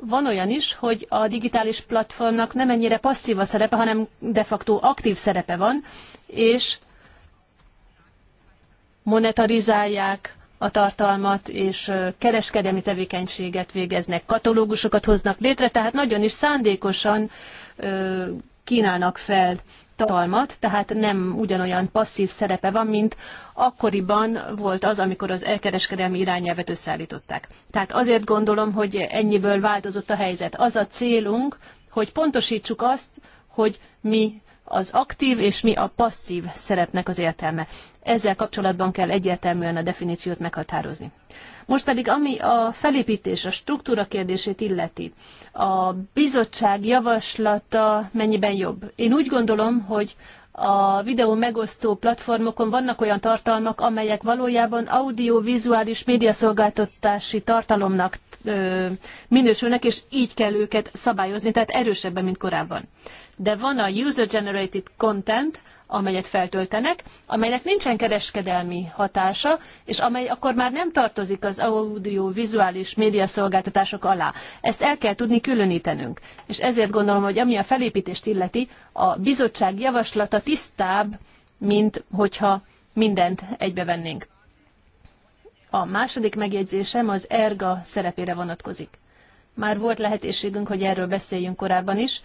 van olyan is, hogy a digitális platformnak nem ennyire passzív a szerepe, hanem de facto aktív szerepe van, és monetarizálják a tartalmat, és kereskedelmi tevékenységet végeznek, katalógusokat hoznak létre, tehát nagyon is szándékosan kínálnak fel tartalmat, tehát nem ugyanolyan passzív szerepe van, mint akkoriban volt az, amikor az elkereskedelmi irányelvet összeállították. Tehát azért gondolom, hogy ennyiből változott a helyzet. Az a célunk, hogy pontosítsuk azt, hogy mi az aktív és mi a passzív szerepnek az értelme. Ezzel kapcsolatban kell egyértelműen a definíciót meghatározni. Most pedig ami a felépítés, a struktúra kérdését illeti, a bizottság javaslata mennyiben jobb? Én úgy gondolom, hogy a videó megosztó platformokon vannak olyan tartalmak, amelyek valójában audio, vizuális, médiaszolgáltatási tartalomnak ö, minősülnek, és így kell őket szabályozni, tehát erősebben, mint korábban. De van a user-generated content, amelyet feltöltenek, amelynek nincsen kereskedelmi hatása, és amely akkor már nem tartozik az audio, vizuális, médiaszolgáltatások alá. Ezt el kell tudni különítenünk. És ezért gondolom, hogy ami a felépítést illeti, a bizottság javaslata tisztább, mint hogyha mindent egybevennénk. A második megjegyzésem az erga szerepére vonatkozik. Már volt lehetőségünk, hogy erről beszéljünk korábban is,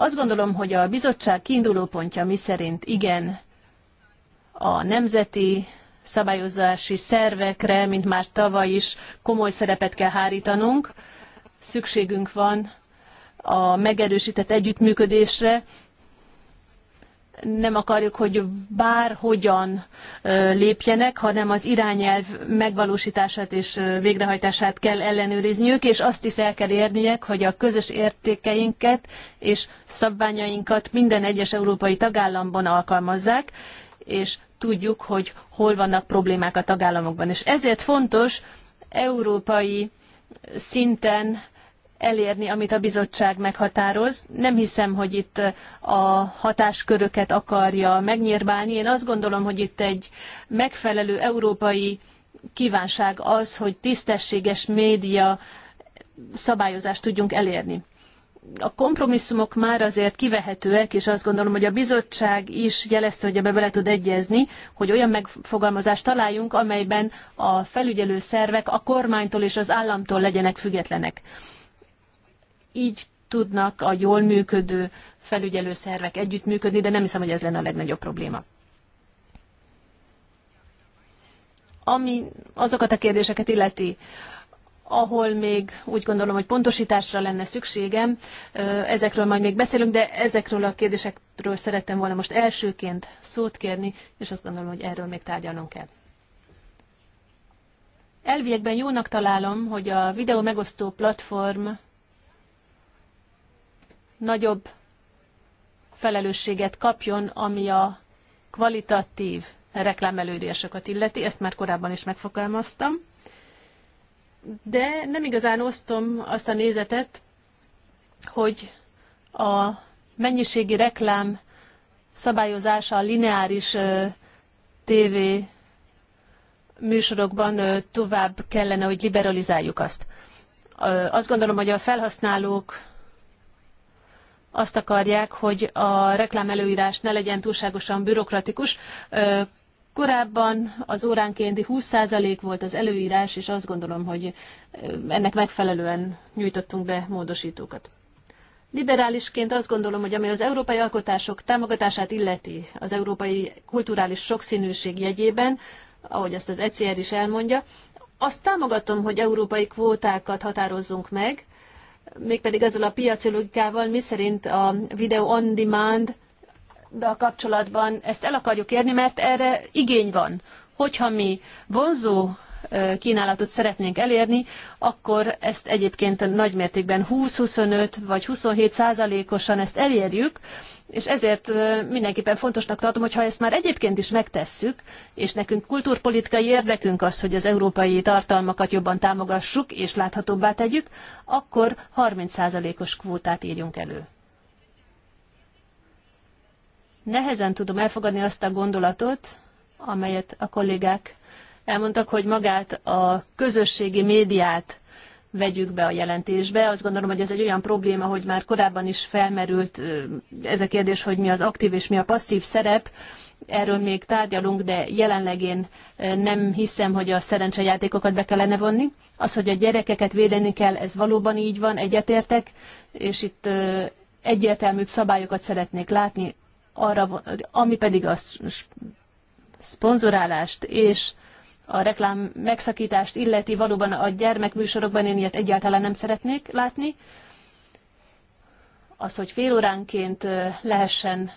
azt gondolom, hogy a bizottság kiindulópontja mi szerint igen a nemzeti szabályozási szervekre, mint már tavaly is komoly szerepet kell hárítanunk. Szükségünk van a megerősített együttműködésre, nem akarjuk, hogy bárhogyan lépjenek, hanem az irányelv megvalósítását és végrehajtását kell ellenőrizniük, és azt is el kell érniek, hogy a közös értékeinket és szabványainkat minden egyes európai tagállamban alkalmazzák, és tudjuk, hogy hol vannak problémák a tagállamokban. És ezért fontos európai szinten elérni, amit a bizottság meghatároz. Nem hiszem, hogy itt a hatásköröket akarja megnyírbálni. Én azt gondolom, hogy itt egy megfelelő európai kívánság az, hogy tisztességes média szabályozást tudjunk elérni. A kompromisszumok már azért kivehetőek, és azt gondolom, hogy a bizottság is jelezte, hogy ebbe bele tud egyezni, hogy olyan megfogalmazást találjunk, amelyben a felügyelő szervek a kormánytól és az államtól legyenek függetlenek. Így tudnak a jól működő felügyelő szervek együttműködni, de nem hiszem, hogy ez lenne a legnagyobb probléma. Ami azokat a kérdéseket illeti, ahol még úgy gondolom, hogy pontosításra lenne szükségem, ezekről majd még beszélünk, de ezekről a kérdésekről szerettem volna most elsőként szót kérni, és azt gondolom, hogy erről még tárgyalnunk kell. Elviekben jónak találom, hogy a videó megosztó platform nagyobb felelősséget kapjon, ami a kvalitatív reklámelődéseket illeti, ezt már korábban is megfogalmaztam. De nem igazán osztom azt a nézetet, hogy a mennyiségi reklám szabályozása a lineáris TV műsorokban tovább kellene, hogy liberalizáljuk azt. Azt gondolom, hogy a felhasználók azt akarják, hogy a reklámelőírás ne legyen túlságosan bürokratikus. Korábban az óránkénti 20% volt az előírás, és azt gondolom, hogy ennek megfelelően nyújtottunk be módosítókat. Liberálisként azt gondolom, hogy ami az európai alkotások támogatását illeti az európai kulturális sokszínűség jegyében, ahogy azt az ECR is elmondja, azt támogatom, hogy európai kvótákat határozzunk meg, mégpedig ezzel a piaci logikával, miszerint a video on demand a kapcsolatban ezt el akarjuk érni, mert erre igény van. Hogyha mi vonzó kínálatot szeretnénk elérni, akkor ezt egyébként nagymértékben 20-25 vagy 27 százalékosan ezt elérjük, és ezért mindenképpen fontosnak tartom, hogy ha ezt már egyébként is megtesszük, és nekünk kultúrpolitikai érdekünk az, hogy az európai tartalmakat jobban támogassuk és láthatóbbá tegyük, akkor 30%-os kvótát írjunk elő. Nehezen tudom elfogadni azt a gondolatot, amelyet a kollégák elmondtak, hogy magát a közösségi médiát vegyük be a jelentésbe. Azt gondolom, hogy ez egy olyan probléma, hogy már korábban is felmerült ez a kérdés, hogy mi az aktív és mi a passzív szerep. Erről még tárgyalunk, de jelenleg én nem hiszem, hogy a szerencsejátékokat be kellene vonni. Az, hogy a gyerekeket védeni kell, ez valóban így van, egyetértek, és itt egyértelműbb szabályokat szeretnék látni, arra, ami pedig a szponzorálást és a reklám megszakítást illeti, valóban a gyermekműsorokban én ilyet egyáltalán nem szeretnék látni. Az, hogy fél óránként lehessen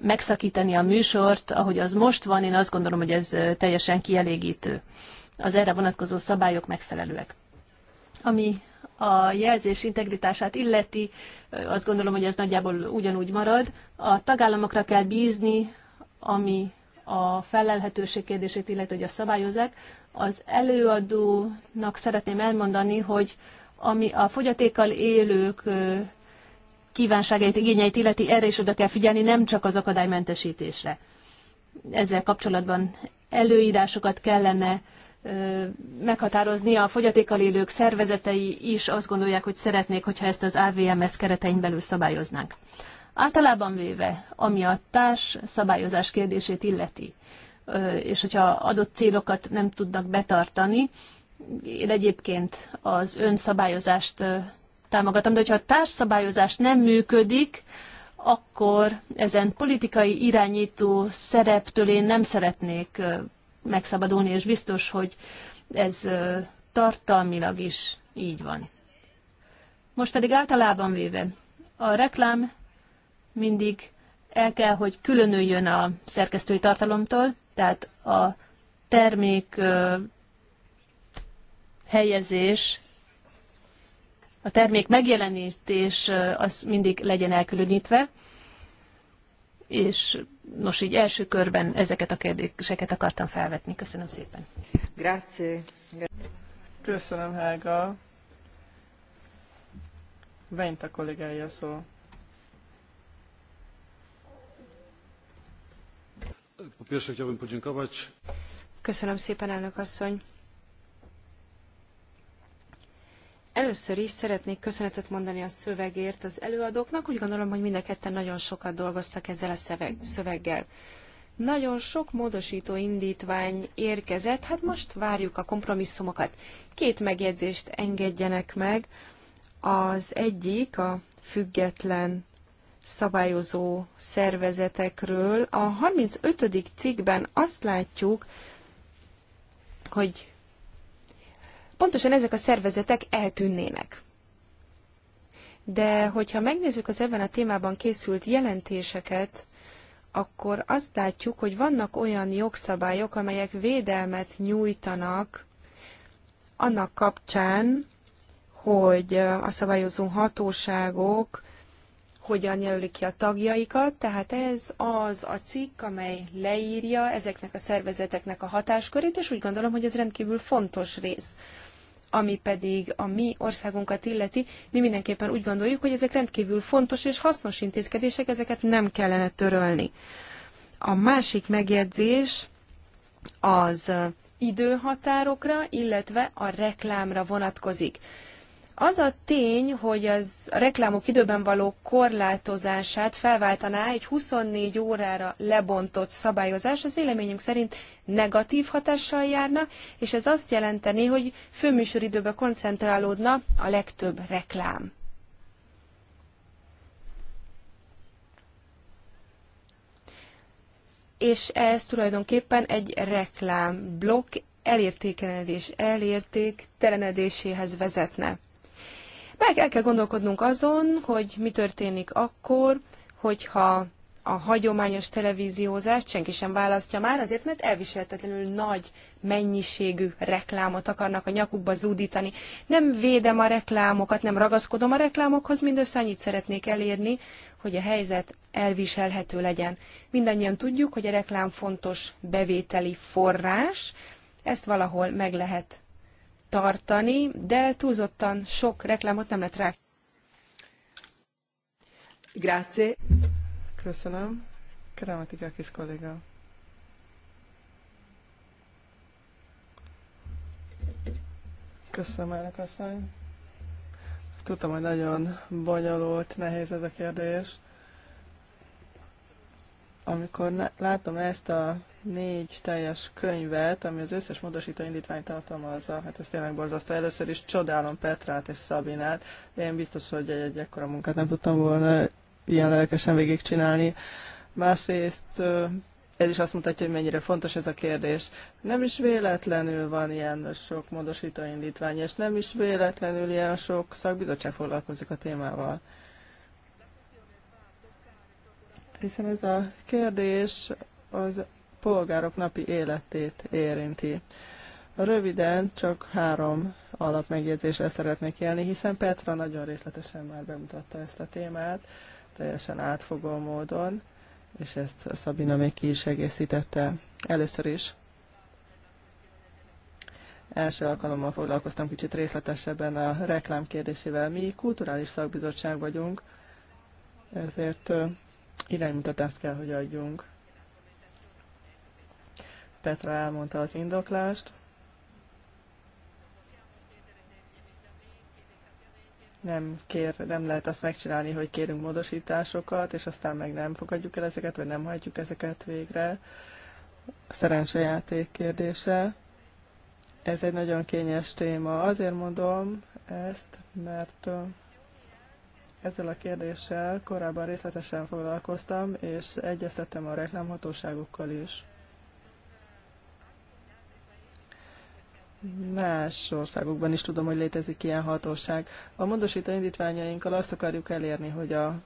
megszakítani a műsort, ahogy az most van, én azt gondolom, hogy ez teljesen kielégítő. Az erre vonatkozó szabályok megfelelőek. Ami a jelzés integritását illeti, azt gondolom, hogy ez nagyjából ugyanúgy marad. A tagállamokra kell bízni, ami a felelhetőség kérdését, illetve hogy a szabályozzák, az előadónak szeretném elmondani, hogy ami a fogyatékkal élők kívánságait, igényeit illeti, erre is oda kell figyelni, nem csak az akadálymentesítésre. Ezzel kapcsolatban előírásokat kellene meghatározni. A fogyatékkal élők szervezetei is azt gondolják, hogy szeretnék, hogyha ezt az AVMS keretein belül szabályoznánk. Általában véve, ami a társ szabályozás kérdését illeti, és hogyha adott célokat nem tudnak betartani, én egyébként az önszabályozást támogatom, de hogyha a társszabályozás nem működik, akkor ezen politikai irányító szereptől én nem szeretnék megszabadulni, és biztos, hogy ez tartalmilag is így van. Most pedig általában véve a reklám mindig el kell, hogy különüljön a szerkesztői tartalomtól, tehát a termék helyezés, a termék megjelenítés az mindig legyen elkülönítve, és nos így első körben ezeket a kérdéseket akartam felvetni. Köszönöm szépen. Grazie. Köszönöm, Helga. Vent a kollégája szó. Po pierwsze chciałbym podziękować. Köszönöm szépen, elnök asszony. Először is szeretnék köszönetet mondani a szövegért az előadóknak. Úgy gondolom, hogy mind a ketten nagyon sokat dolgoztak ezzel a szöveggel. Nagyon sok módosító indítvány érkezett, hát most várjuk a kompromisszumokat. Két megjegyzést engedjenek meg. Az egyik a független szabályozó szervezetekről. A 35. cikkben azt látjuk, hogy pontosan ezek a szervezetek eltűnnének. De hogyha megnézzük az ebben a témában készült jelentéseket, akkor azt látjuk, hogy vannak olyan jogszabályok, amelyek védelmet nyújtanak annak kapcsán, hogy a szabályozó hatóságok hogyan jelölik ki a tagjaikat, tehát ez az a cikk, amely leírja ezeknek a szervezeteknek a hatáskörét, és úgy gondolom, hogy ez rendkívül fontos rész ami pedig a mi országunkat illeti, mi mindenképpen úgy gondoljuk, hogy ezek rendkívül fontos és hasznos intézkedések, ezeket nem kellene törölni. A másik megjegyzés az időhatárokra, illetve a reklámra vonatkozik. Az a tény, hogy az a reklámok időben való korlátozását felváltaná egy 24 órára lebontott szabályozás, ez véleményünk szerint negatív hatással járna, és ez azt jelenteni, hogy főműsoridőbe koncentrálódna a legtöbb reklám. és ez tulajdonképpen egy reklámblokk elértékelenedés, elértéktelenedéséhez vezetne. Meg el kell gondolkodnunk azon, hogy mi történik akkor, hogyha a hagyományos televíziózást senki sem választja már, azért mert elviselhetetlenül nagy mennyiségű reklámot akarnak a nyakukba zúdítani. Nem védem a reklámokat, nem ragaszkodom a reklámokhoz, mindössze annyit szeretnék elérni, hogy a helyzet elviselhető legyen. Mindannyian tudjuk, hogy a reklám fontos bevételi forrás, ezt valahol meg lehet tartani, de túlzottan sok reklámot nem lehet rá. Grazie. Köszönöm. kis kolléga. Köszönöm, elnök asszony. Tudtam, hogy nagyon bonyolult, nehéz ez a kérdés amikor látom ezt a négy teljes könyvet, ami az összes módosító indítványt tartalmazza, hát ez tényleg borzasztó. Először is csodálom Petrát és Szabinát. Én biztos, hogy egy, egy ekkora munkát nem tudtam volna ilyen lelkesen végigcsinálni. Másrészt ez is azt mutatja, hogy mennyire fontos ez a kérdés. Nem is véletlenül van ilyen sok módosító indítvány, és nem is véletlenül ilyen sok szakbizottság foglalkozik a témával hiszen ez a kérdés az polgárok napi életét érinti. Röviden csak három alapmegjegyzésre szeretnék élni, hiszen Petra nagyon részletesen már bemutatta ezt a témát, teljesen átfogó módon, és ezt Szabina még ki is egészítette először is. Első alkalommal foglalkoztam kicsit részletesebben a reklám kérdésével. Mi kulturális szakbizottság vagyunk, ezért iránymutatást kell, hogy adjunk. Petra elmondta az indoklást. Nem, kér, nem lehet azt megcsinálni, hogy kérünk módosításokat, és aztán meg nem fogadjuk el ezeket, vagy nem hagyjuk ezeket végre. Szerencsejáték kérdése. Ez egy nagyon kényes téma. Azért mondom ezt, mert ezzel a kérdéssel korábban részletesen foglalkoztam, és egyeztettem a reklámhatóságokkal is. Más országokban is tudom, hogy létezik ilyen hatóság. A módosító indítványainkkal azt akarjuk elérni, hogy a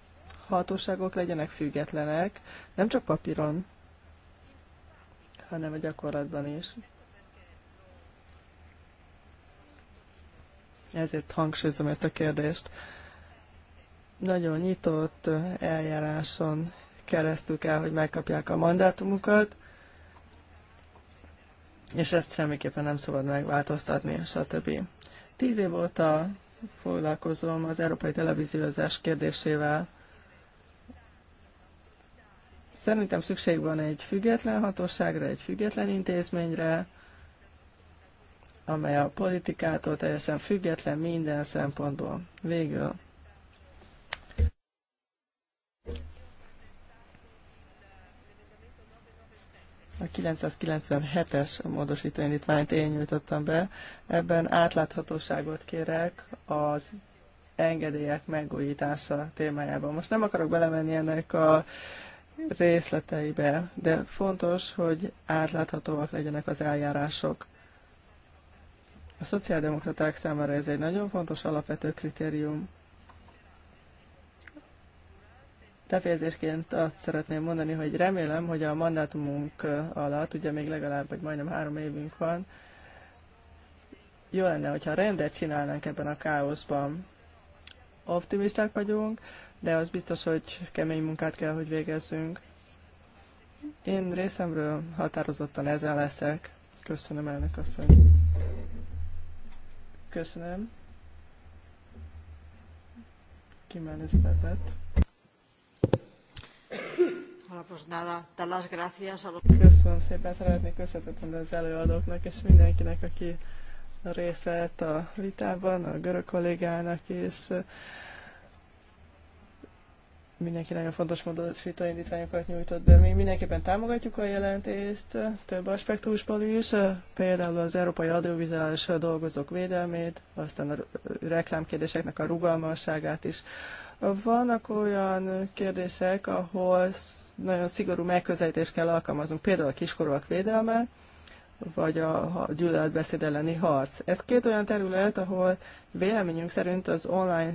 hatóságok legyenek függetlenek, nem csak papíron, hanem a gyakorlatban is. Ezért hangsúlyozom ezt a kérdést nagyon nyitott eljáráson keresztül kell, hogy megkapják a mandátumukat, és ezt semmiképpen nem szabad megváltoztatni, stb. Tíz év óta foglalkozom az európai televíziózás kérdésével. Szerintem szükség van egy független hatóságra, egy független intézményre, amely a politikától teljesen független minden szempontból. Végül A 997-es módosító indítványt én nyújtottam be. Ebben átláthatóságot kérek az engedélyek megújítása témájában. Most nem akarok belemenni ennek a részleteibe, de fontos, hogy átláthatóak legyenek az eljárások. A szociáldemokraták számára ez egy nagyon fontos alapvető kritérium. Befejezésként azt szeretném mondani, hogy remélem, hogy a mandátumunk alatt, ugye még legalább, vagy majdnem három évünk van, jó lenne, hogyha rendet csinálnánk ebben a káoszban. Optimisták vagyunk, de az biztos, hogy kemény munkát kell, hogy végezzünk. Én részemről határozottan ezen leszek. Köszönöm, elnök asszony. Köszönöm. Kimenez Bebet. Köszönöm szépen, szeretnék összetett az előadóknak és mindenkinek, aki részt vett a vitában, a görög kollégának és mindenki nagyon fontos módosító indítványokat nyújtott be. Mi mindenképpen támogatjuk a jelentést több aspektusból is, például az európai adóvizuális dolgozók védelmét, aztán a reklámkérdéseknek a rugalmasságát is. Vannak olyan kérdések, ahol nagyon szigorú megközelítést kell alkalmaznunk, például a kiskorúak védelme, vagy a gyűlöletbeszéd elleni harc. Ez két olyan terület, ahol véleményünk szerint az online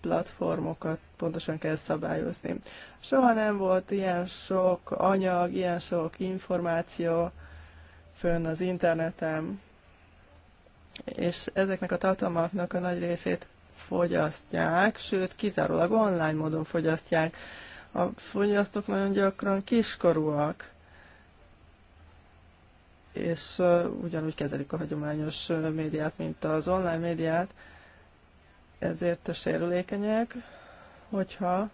platformokat pontosan kell szabályozni. Soha nem volt ilyen sok anyag, ilyen sok információ fönn az interneten, és ezeknek a tartalmaknak a nagy részét fogyasztják, sőt, kizárólag online módon fogyasztják. A fogyasztók nagyon gyakran kiskorúak, és ugyanúgy kezelik a hagyományos médiát, mint az online médiát, ezért sérülékenyek, hogyha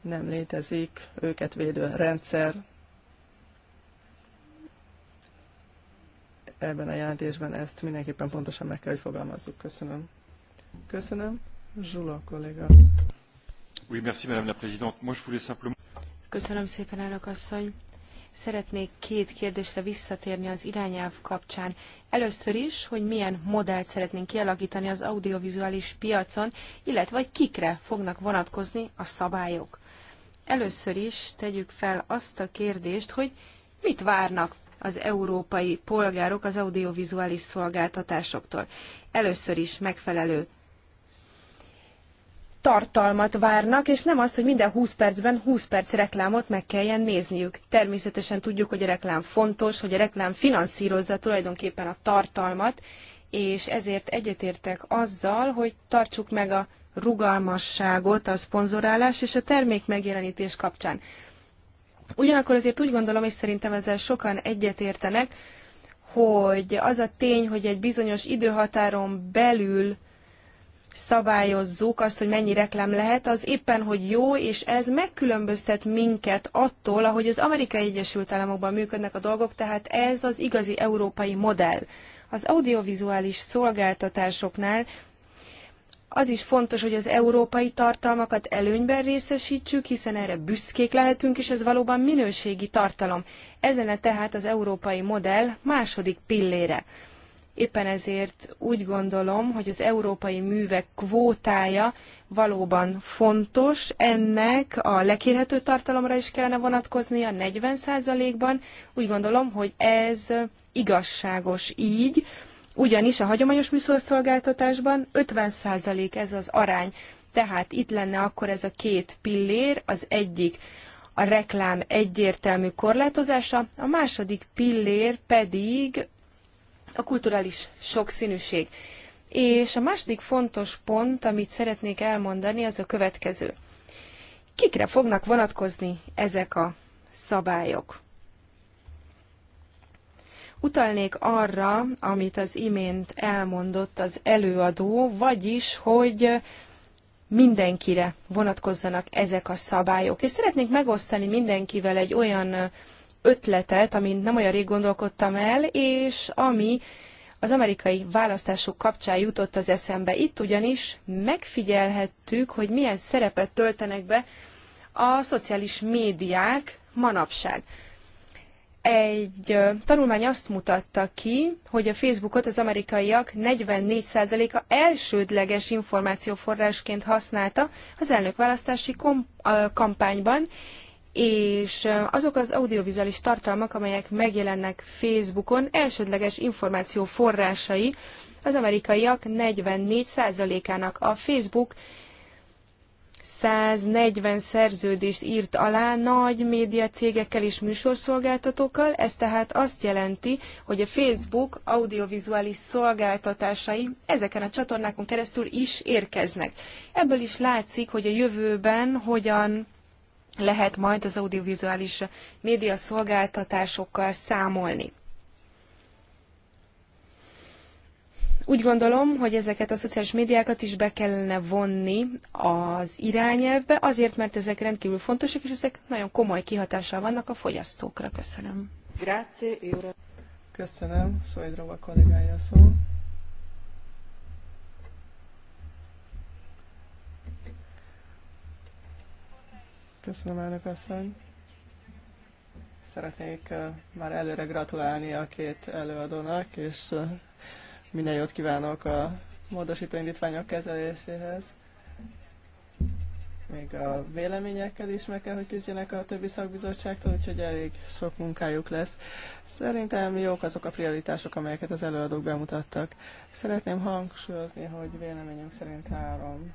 nem létezik őket védő rendszer. Ebben a jelentésben ezt mindenképpen pontosan meg kell, hogy fogalmazzuk. Köszönöm. Köszönöm. Zsula kolléga. Oui, merci, madame la présidente. Moi, je voulais simplement... Köszönöm szépen, elnök asszony. Szeretnék két kérdésre visszatérni az irányelv kapcsán. Először is, hogy milyen modellt szeretnénk kialakítani az audiovizuális piacon, illetve hogy kikre fognak vonatkozni a szabályok. Először is tegyük fel azt a kérdést, hogy mit várnak az európai polgárok az audiovizuális szolgáltatásoktól. Először is megfelelő tartalmat várnak, és nem azt, hogy minden 20 percben 20 perc reklámot meg kelljen nézniük. Természetesen tudjuk, hogy a reklám fontos, hogy a reklám finanszírozza tulajdonképpen a tartalmat, és ezért egyetértek azzal, hogy tartsuk meg a rugalmasságot a szponzorálás és a termék megjelenítés kapcsán. Ugyanakkor azért úgy gondolom, és szerintem ezzel sokan egyetértenek, hogy az a tény, hogy egy bizonyos időhatáron belül szabályozzuk azt, hogy mennyi reklám lehet, az éppen, hogy jó, és ez megkülönböztet minket attól, ahogy az Amerikai Egyesült Államokban működnek a dolgok, tehát ez az igazi európai modell. Az audiovizuális szolgáltatásoknál az is fontos, hogy az európai tartalmakat előnyben részesítsük, hiszen erre büszkék lehetünk, és ez valóban minőségi tartalom. Ez lenne tehát az európai modell második pillére. Éppen ezért úgy gondolom, hogy az európai művek kvótája valóban fontos. Ennek a lekérhető tartalomra is kellene vonatkoznia 40%-ban. Úgy gondolom, hogy ez igazságos így, ugyanis a hagyományos műsorszolgáltatásban 50% ez az arány. Tehát itt lenne akkor ez a két pillér, az egyik a reklám egyértelmű korlátozása, a második pillér pedig a kulturális sokszínűség. És a második fontos pont, amit szeretnék elmondani, az a következő. Kikre fognak vonatkozni ezek a szabályok? Utalnék arra, amit az imént elmondott az előadó, vagyis, hogy mindenkire vonatkozzanak ezek a szabályok. És szeretnék megosztani mindenkivel egy olyan ötletet, amin nem olyan rég gondolkodtam el, és ami az amerikai választások kapcsán jutott az eszembe. Itt ugyanis megfigyelhettük, hogy milyen szerepet töltenek be a szociális médiák manapság. Egy tanulmány azt mutatta ki, hogy a Facebookot az amerikaiak 44%-a elsődleges információforrásként használta az elnökválasztási kampányban, és azok az audiovizuális tartalmak, amelyek megjelennek Facebookon, elsődleges információforrásai az amerikaiak 44%-ának. A Facebook 140 szerződést írt alá nagy médiacégekkel és műsorszolgáltatókkal, ez tehát azt jelenti, hogy a Facebook audiovizuális szolgáltatásai ezeken a csatornákon keresztül is érkeznek. Ebből is látszik, hogy a jövőben hogyan lehet majd az audiovizuális médiaszolgáltatásokkal számolni. Úgy gondolom, hogy ezeket a szociális médiákat is be kellene vonni az irányelvbe, azért, mert ezek rendkívül fontosak, és ezek nagyon komoly kihatással vannak a fogyasztókra. Köszönöm. Grazie, Euro. Köszönöm, Szojdrova kollégája szó. Köszönöm, elnök asszony. Szeretnék eh, már előre gratulálni a két előadónak, és eh, minden jót kívánok a módosító indítványok kezeléséhez. Még a véleményekkel is meg kell, hogy küzdjenek a többi szakbizottságtól, úgyhogy elég sok munkájuk lesz. Szerintem jók azok a prioritások, amelyeket az előadók bemutattak. Szeretném hangsúlyozni, hogy véleményünk szerint három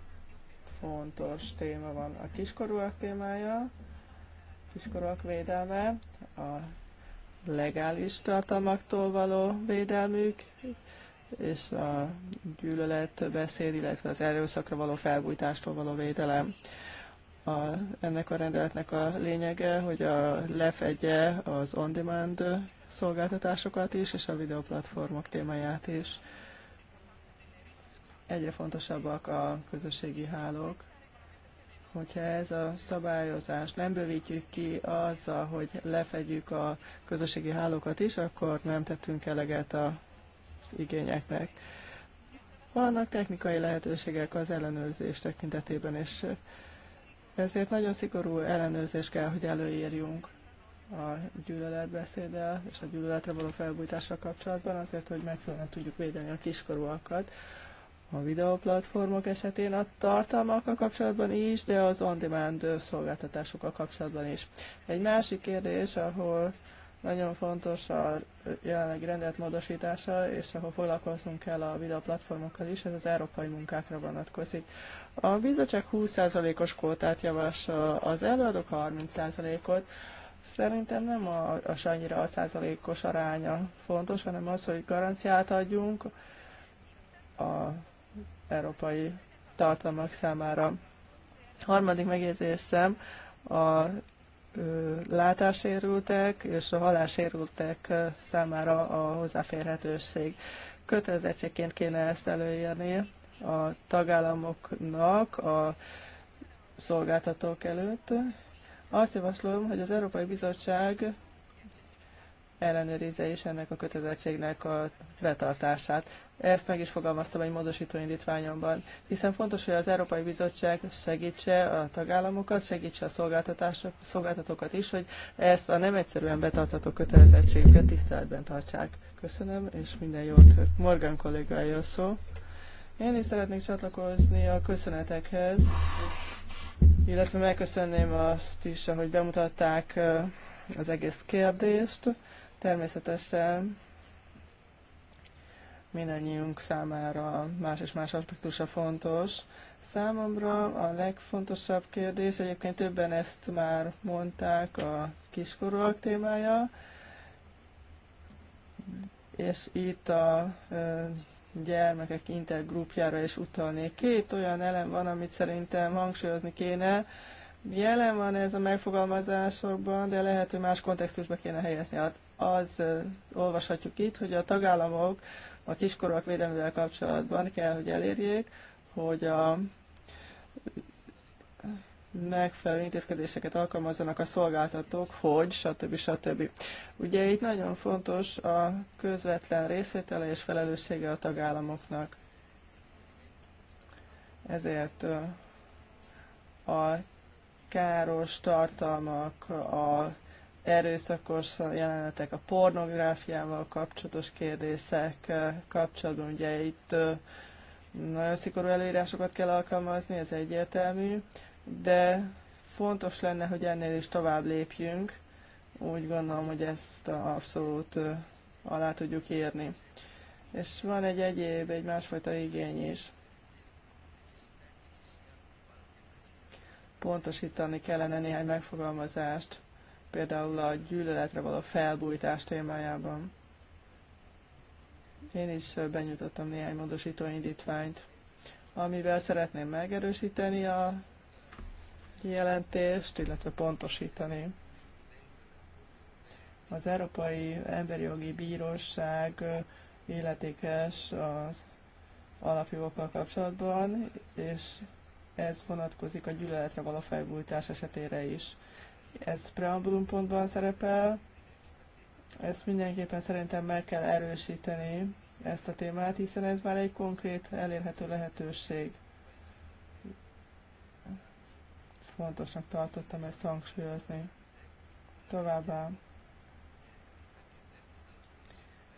fontos téma van. A kiskorúak témája, kiskorúak védelme, a legális tartalmaktól való védelmük, és a beszéd, illetve az erőszakra való felbújtástól való védelem. A, ennek a rendeletnek a lényege, hogy a, lefedje az on-demand szolgáltatásokat is, és a videoplatformok témáját is. Egyre fontosabbak a közösségi hálók. Hogyha ez a szabályozás nem bővítjük ki azzal, hogy lefedjük a közösségi hálókat is, akkor nem tettünk eleget a igényeknek. Vannak technikai lehetőségek az ellenőrzés tekintetében, és ezért nagyon szigorú ellenőrzés kell, hogy előírjunk a gyűlöletbeszéddel és a gyűlöletre való felbújtással kapcsolatban, azért, hogy megfelelően tudjuk védeni a kiskorúakat a videóplatformok esetén a tartalmakkal kapcsolatban is, de az on-demand szolgáltatásokkal kapcsolatban is. Egy másik kérdés, ahol nagyon fontos a jelenlegi rendelt módosítása, és ahol foglalkozunk kell a videoplatformokkal is, ez az európai munkákra vonatkozik. A bizottság 20%-os kvótát javasol, az előadók 30%-ot. Szerintem nem a, a annyira a százalékos aránya fontos, hanem az, hogy garanciát adjunk az európai tartalmak számára. Harmadik megjegyzésem a látásérültek és a halásérültek számára a hozzáférhetőség. Kötelezettségként kéne ezt előírni a tagállamoknak a szolgáltatók előtt. Azt javaslom, hogy az Európai Bizottság ellenőrizze és ennek a kötelezettségnek a betartását. Ezt meg is fogalmaztam egy módosító indítványomban, hiszen fontos, hogy az Európai Bizottság segítse a tagállamokat, segítse a szolgáltatókat is, hogy ezt a nem egyszerűen betartató kötelezettségüket tiszteletben tartsák. Köszönöm, és minden jót. Morgan kollégája szó. Én is szeretnék csatlakozni a köszönetekhez, illetve megköszönném azt is, ahogy bemutatták az egész kérdést. Természetesen mindannyiunk számára más és más aspektusa fontos. Számomra a legfontosabb kérdés, egyébként többen ezt már mondták, a kiskorúak témája, és itt a gyermekek intergrupjára is utalnék. Két olyan elem van, amit szerintem hangsúlyozni kéne. Jelen van ez a megfogalmazásokban, de lehet, hogy más kontextusba kéne helyezni az olvashatjuk itt, hogy a tagállamok a kiskorúak védelmével kapcsolatban kell, hogy elérjék, hogy a megfelelő intézkedéseket alkalmazzanak a szolgáltatók, hogy, stb. stb. Ugye itt nagyon fontos a közvetlen részvétele és felelőssége a tagállamoknak. Ezért a káros tartalmak, a erőszakos jelenetek, a pornográfiával kapcsolatos kérdések eh, kapcsolatban. Ugye itt eh, nagyon szigorú előírásokat kell alkalmazni, ez egyértelmű, de fontos lenne, hogy ennél is tovább lépjünk. Úgy gondolom, hogy ezt abszolút eh, alá tudjuk érni. És van egy egyéb, egy másfajta igény is. Pontosítani kellene néhány megfogalmazást például a gyűlöletre való felbújtás témájában. Én is benyújtottam néhány módosító indítványt, amivel szeretném megerősíteni a jelentést, illetve pontosítani. Az Európai Emberi Jogi Bíróság illetékes az alapjogokkal kapcsolatban, és ez vonatkozik a gyűlöletre való felbújtás esetére is. Ez preambulum pontban szerepel. Ezt mindenképpen szerintem meg kell erősíteni, ezt a témát, hiszen ez már egy konkrét elérhető lehetőség. Fontosnak tartottam ezt hangsúlyozni. Továbbá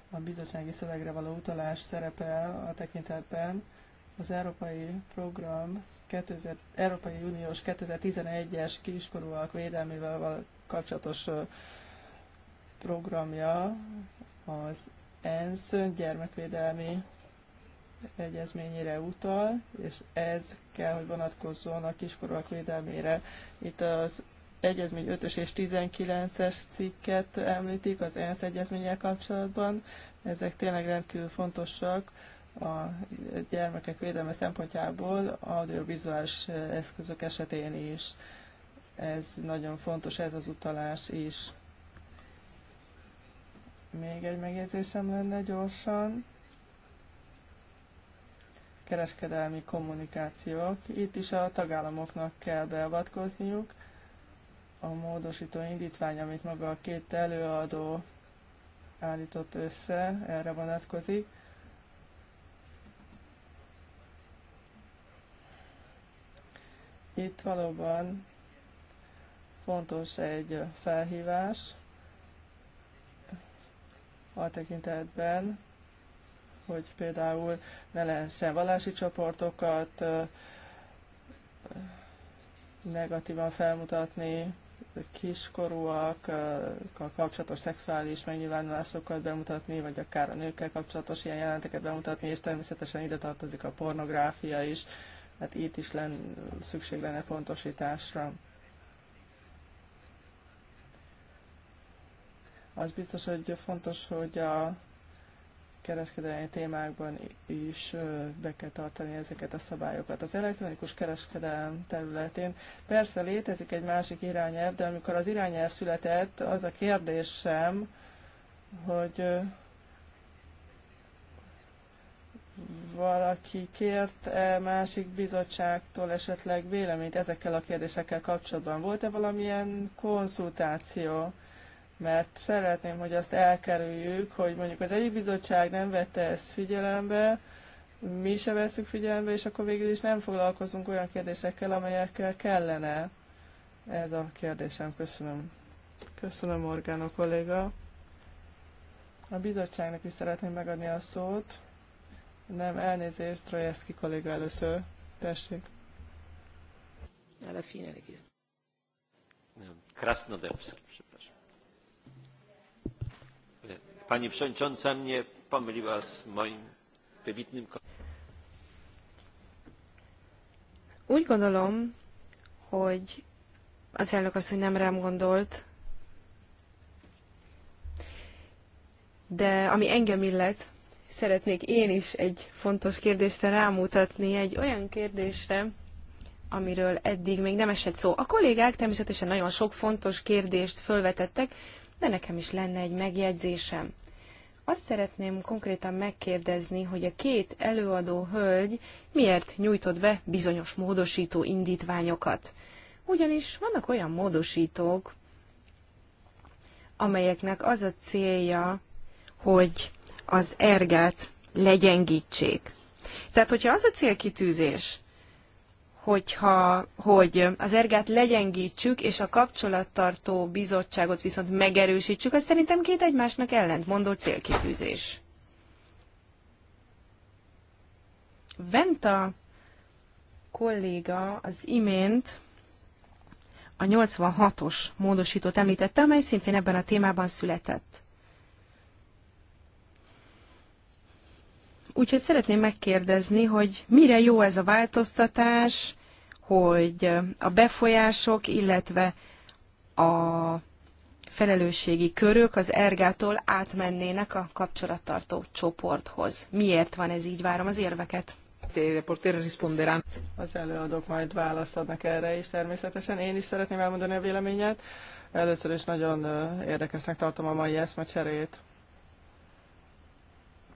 a bizottsági szövegre való utalás szerepel a tekintetben, az Európai Program 2000, Európai Uniós 2011-es kiskorúak védelmével kapcsolatos programja az ENSZ gyermekvédelmi egyezményére utal, és ez kell, hogy vonatkozzon a kiskorúak védelmére. Itt az egyezmény 5-ös és 19-es cikket említik az ENSZ egyezménnyel kapcsolatban. Ezek tényleg rendkívül fontosak a gyermekek védelme szempontjából audiovizuális eszközök esetén is. Ez nagyon fontos, ez az utalás is. Még egy megjegyzésem lenne gyorsan. Kereskedelmi kommunikációk. Itt is a tagállamoknak kell beavatkozniuk. A módosító indítvány, amit maga a két előadó állított össze, erre vonatkozik Itt valóban fontos egy felhívás a tekintetben, hogy például ne lehessen vallási csoportokat negatívan felmutatni, kiskorúakkal kapcsolatos szexuális megnyilvánulásokat bemutatni, vagy akár a nőkkel kapcsolatos ilyen jelenteket bemutatni, és természetesen ide tartozik a pornográfia is. Tehát itt is len, szükség lenne pontosításra. Az biztos, hogy fontos, hogy a kereskedelmi témákban is be kell tartani ezeket a szabályokat. Az elektronikus kereskedelem területén persze létezik egy másik irányelv, de amikor az irányelv született, az a kérdésem, hogy valaki kért -e másik bizottságtól esetleg véleményt ezekkel a kérdésekkel kapcsolatban? Volt-e valamilyen konzultáció? Mert szeretném, hogy azt elkerüljük, hogy mondjuk az egyik bizottság nem vette ezt figyelembe, mi se veszük figyelembe, és akkor végül is nem foglalkozunk olyan kérdésekkel, amelyekkel kellene. Ez a kérdésem. Köszönöm. Köszönöm, Orgánó kolléga. A bizottságnak is szeretném megadni a szót. Nem, elnézést, Trojeszki kolléga először. Tessék. Alla fine regista. Krasnodębska, przepraszam. Pani przewodnicząca mnie pomyliła z moim wybitnym Úgy gondolom, hogy az elnök asszony nem rám gondolt, de ami engem illet, Szeretnék én is egy fontos kérdésre rámutatni, egy olyan kérdésre, amiről eddig még nem esett szó. A kollégák természetesen nagyon sok fontos kérdést fölvetettek, de nekem is lenne egy megjegyzésem. Azt szeretném konkrétan megkérdezni, hogy a két előadó hölgy miért nyújtott be bizonyos módosító indítványokat. Ugyanis vannak olyan módosítók, amelyeknek az a célja, hogy az ergát legyengítsék. Tehát, hogyha az a célkitűzés, hogyha, hogy az ergát legyengítsük, és a kapcsolattartó bizottságot viszont megerősítsük, az szerintem két egymásnak ellentmondó célkitűzés. Venta kolléga az imént a 86-os módosítót említette, amely szintén ebben a témában született. Úgyhogy szeretném megkérdezni, hogy mire jó ez a változtatás, hogy a befolyások, illetve a felelősségi körök az ergától átmennének a kapcsolattartó csoporthoz. Miért van ez így? Várom az érveket. Az előadók majd választ adnak erre is természetesen. Én is szeretném elmondani a véleményet. Először is nagyon érdekesnek tartom a mai eszmecserét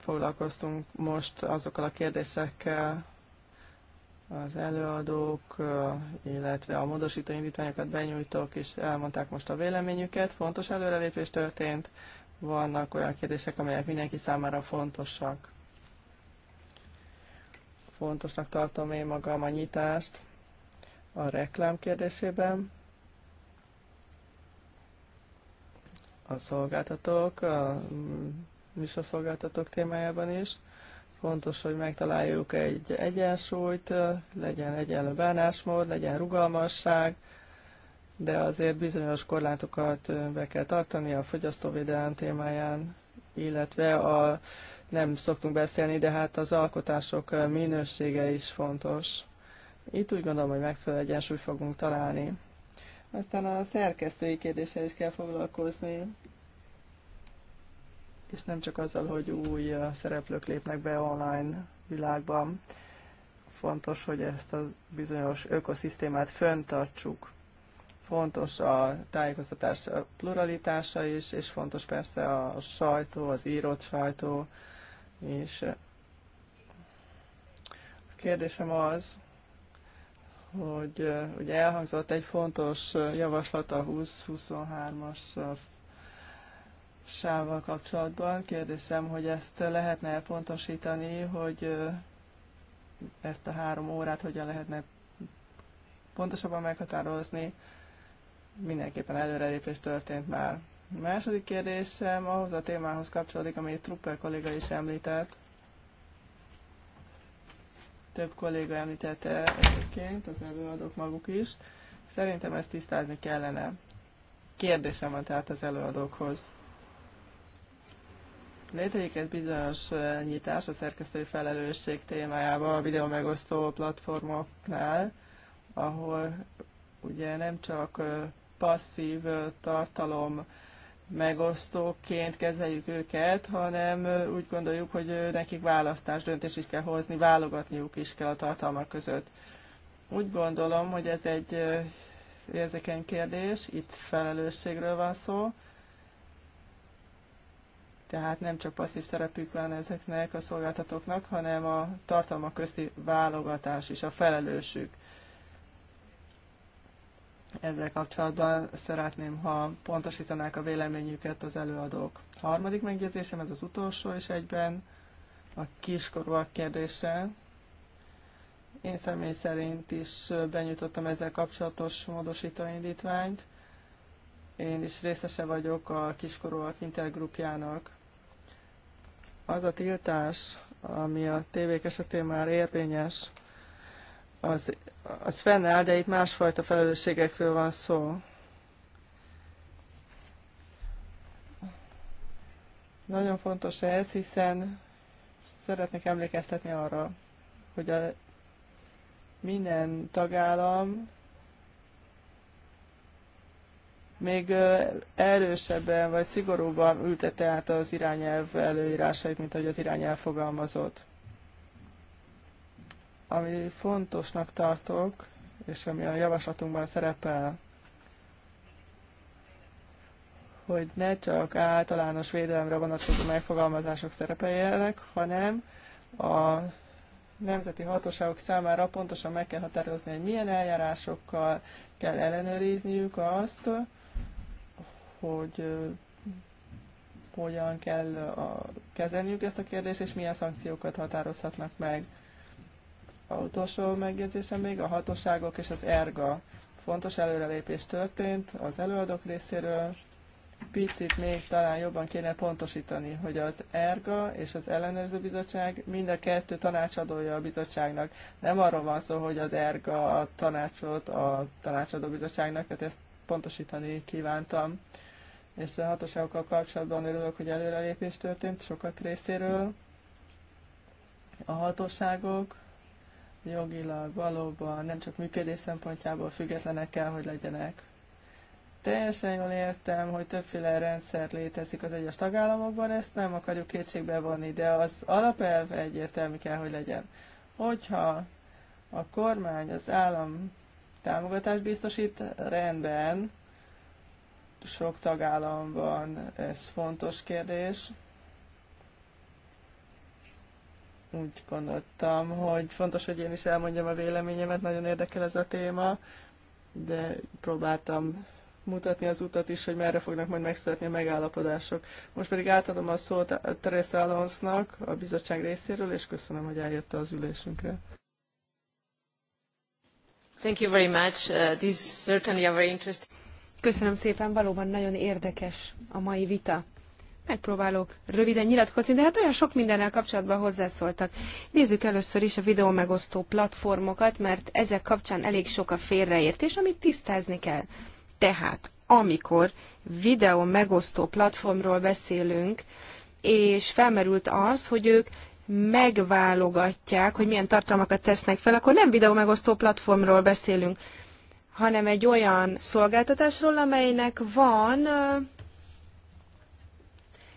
foglalkoztunk most azokkal a kérdésekkel, az előadók, illetve a módosító indítványokat benyújtók is elmondták most a véleményüket. Fontos előrelépés történt, vannak olyan kérdések, amelyek mindenki számára fontosak. Fontosnak tartom én magam a nyitást a reklám kérdésében. A szolgáltatók, a műsorszolgáltatók témájában is. Fontos, hogy megtaláljuk egy egyensúlyt, legyen egyenlő bánásmód, legyen rugalmasság, de azért bizonyos korlátokat be kell tartani a fogyasztóvédelem témáján, illetve a, nem szoktunk beszélni, de hát az alkotások minősége is fontos. Itt úgy gondolom, hogy megfelelő egyensúlyt fogunk találni. Aztán a szerkesztői kérdéssel is kell foglalkozni és nem csak azzal, hogy új szereplők lépnek be online világban. Fontos, hogy ezt a bizonyos ökoszisztémát föntartsuk. Fontos a tájékoztatás pluralitása is, és fontos persze a sajtó, az írott sajtó, és a kérdésem az, hogy ugye elhangzott egy fontos javaslat a 20-23-as sávval kapcsolatban. Kérdésem, hogy ezt lehetne pontosítani, hogy ezt a három órát hogyan lehetne pontosabban meghatározni. Mindenképpen előrelépés történt már. A második kérdésem ahhoz a témához kapcsolódik, amit Truppel kolléga is említett. Több kolléga említette egyébként, az előadók maguk is. Szerintem ezt tisztázni kellene. Kérdésem van tehát az előadókhoz Létezik egy bizonyos eh, nyitás a szerkesztői felelősség témájában a videó megosztó platformoknál, ahol ugye nem csak eh, passzív eh, tartalom megosztóként kezeljük őket, hanem úgy gondoljuk, hogy nekik választás döntés is kell hozni, válogatniuk is kell a tartalmak között. Úgy gondolom, hogy ez egy érzékeny kérdés, itt felelősségről van szó, tehát nem csak passzív szerepük van ezeknek a szolgáltatóknak, hanem a tartalmak közti válogatás is a felelősük. Ezzel kapcsolatban szeretném, ha pontosítanák a véleményüket az előadók. Harmadik megjegyzésem, ez az utolsó is egyben, a kiskorúak kérdése. Én személy szerint is benyújtottam ezzel kapcsolatos módosítóindítványt. Én is részese vagyok a kiskorúak intergrupjának az a tiltás, ami a tévék esetén már érvényes, az, az fennáll, de itt másfajta felelősségekről van szó. Nagyon fontos ez, hiszen szeretnék emlékeztetni arra, hogy a minden tagállam még erősebben vagy szigorúban ültette át az irányelv előírásait, mint ahogy az irányelv fogalmazott. Ami fontosnak tartok, és ami a javaslatunkban szerepel, hogy ne csak általános védelemre vonatkozó megfogalmazások szerepeljenek, hanem a nemzeti hatóságok számára pontosan meg kell határozni, hogy milyen eljárásokkal kell ellenőrizniük azt, hogy hogyan kell a, kezelniük ezt a kérdést, és milyen szankciókat határozhatnak meg. A utolsó megjegyzésem még a hatóságok és az ERGA. Fontos előrelépés történt az előadók részéről. Picit még talán jobban kéne pontosítani, hogy az ERGA és az ellenőrző bizottság mind a kettő tanácsadója a bizottságnak. Nem arról van szó, hogy az ERGA a tanácsot a tanácsadó bizottságnak, tehát ezt pontosítani kívántam és a hatóságokkal kapcsolatban örülök, hogy előrelépés történt sokak részéről. A hatóságok jogilag valóban nem csak működés szempontjából függetlenek kell, hogy legyenek. Teljesen jól értem, hogy többféle rendszer létezik az egyes tagállamokban, ezt nem akarjuk kétségbe vonni, de az alapelv egyértelmű kell, hogy legyen. Hogyha a kormány, az állam támogatást biztosít, rendben, sok tagállamban ez fontos kérdés. Úgy gondoltam, hogy fontos, hogy én is elmondjam a véleményemet, nagyon érdekel ez a téma, de próbáltam mutatni az utat is, hogy merre fognak majd megszületni a megállapodások. Most pedig átadom a szót Teresa Alonsnak a bizottság részéről, és köszönöm, hogy eljött az ülésünkre. Thank you very much. Uh, this is certainly a very interesting... Köszönöm szépen, valóban nagyon érdekes a mai vita. Megpróbálok röviden nyilatkozni, de hát olyan sok mindennel kapcsolatban hozzászóltak. Nézzük először is a videó megosztó platformokat, mert ezek kapcsán elég sok a félreértés, amit tisztázni kell. Tehát, amikor videó megosztó platformról beszélünk, és felmerült az, hogy ők megválogatják, hogy milyen tartalmakat tesznek fel, akkor nem videó megosztó platformról beszélünk hanem egy olyan szolgáltatásról, amelynek van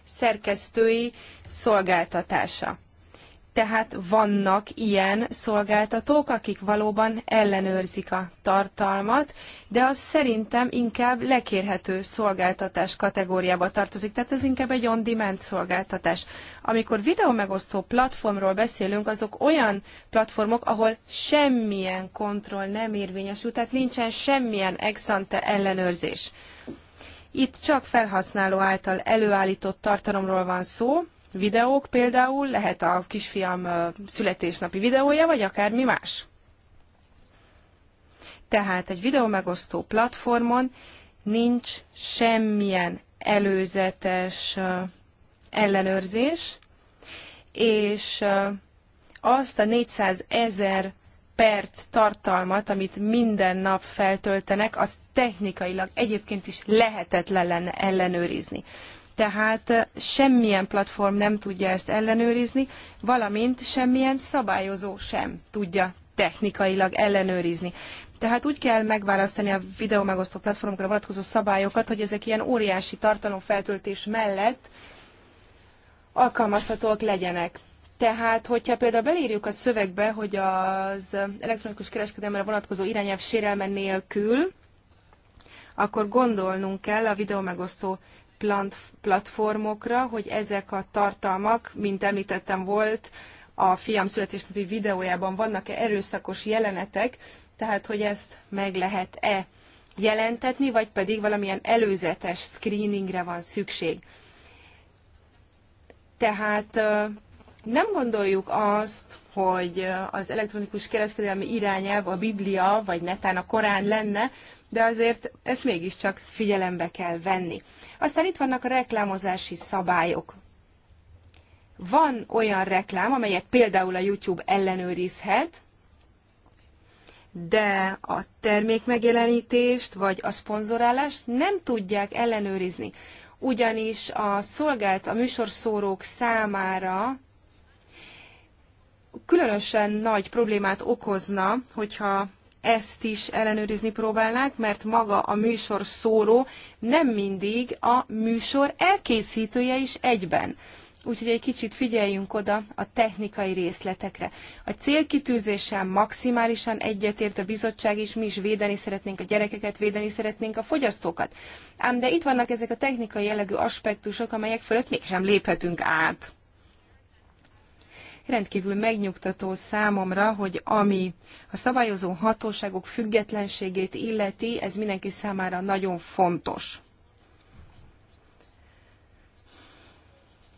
szerkesztői szolgáltatása. Tehát vannak ilyen szolgáltatók, akik valóban ellenőrzik a tartalmat, de az szerintem inkább lekérhető szolgáltatás kategóriába tartozik, tehát ez inkább egy on-demand szolgáltatás. Amikor videó megosztó platformról beszélünk, azok olyan platformok, ahol semmilyen kontroll nem érvényesül, tehát nincsen semmilyen exante ellenőrzés. Itt csak felhasználó által előállított tartalomról van szó, videók például, lehet a kisfiam születésnapi videója, vagy akármi más. Tehát egy videó megosztó platformon nincs semmilyen előzetes ellenőrzés, és azt a 400 ezer perc tartalmat, amit minden nap feltöltenek, az technikailag egyébként is lehetetlen lenne ellenőrizni tehát semmilyen platform nem tudja ezt ellenőrizni, valamint semmilyen szabályozó sem tudja technikailag ellenőrizni. Tehát úgy kell megválasztani a videó megosztó platformokra vonatkozó szabályokat, hogy ezek ilyen óriási tartalomfeltöltés mellett alkalmazhatóak legyenek. Tehát, hogyha például belírjuk a szövegbe, hogy az elektronikus kereskedelmre vonatkozó irányelv sérelme nélkül, akkor gondolnunk kell a videó megosztó platformokra, hogy ezek a tartalmak, mint említettem volt, a fiam születésnapi videójában vannak-e erőszakos jelenetek, tehát hogy ezt meg lehet-e jelentetni, vagy pedig valamilyen előzetes screeningre van szükség. Tehát nem gondoljuk azt, hogy az elektronikus kereskedelmi irányelv a Biblia, vagy netán a Korán lenne, de azért ezt mégiscsak figyelembe kell venni. Aztán itt vannak a reklámozási szabályok. Van olyan reklám, amelyet például a YouTube ellenőrizhet, de a termék megjelenítést vagy a szponzorálást nem tudják ellenőrizni. Ugyanis a szolgált a műsorszórók számára különösen nagy problémát okozna, hogyha ezt is ellenőrizni próbálnák, mert maga a műsor szóró nem mindig a műsor elkészítője is egyben. Úgyhogy egy kicsit figyeljünk oda a technikai részletekre. A célkitűzéssel maximálisan egyetért a bizottság is, mi is védeni szeretnénk a gyerekeket, védeni szeretnénk a fogyasztókat. Ám de itt vannak ezek a technikai jellegű aspektusok, amelyek fölött mégsem léphetünk át. Rendkívül megnyugtató számomra, hogy ami a szabályozó hatóságok függetlenségét illeti, ez mindenki számára nagyon fontos.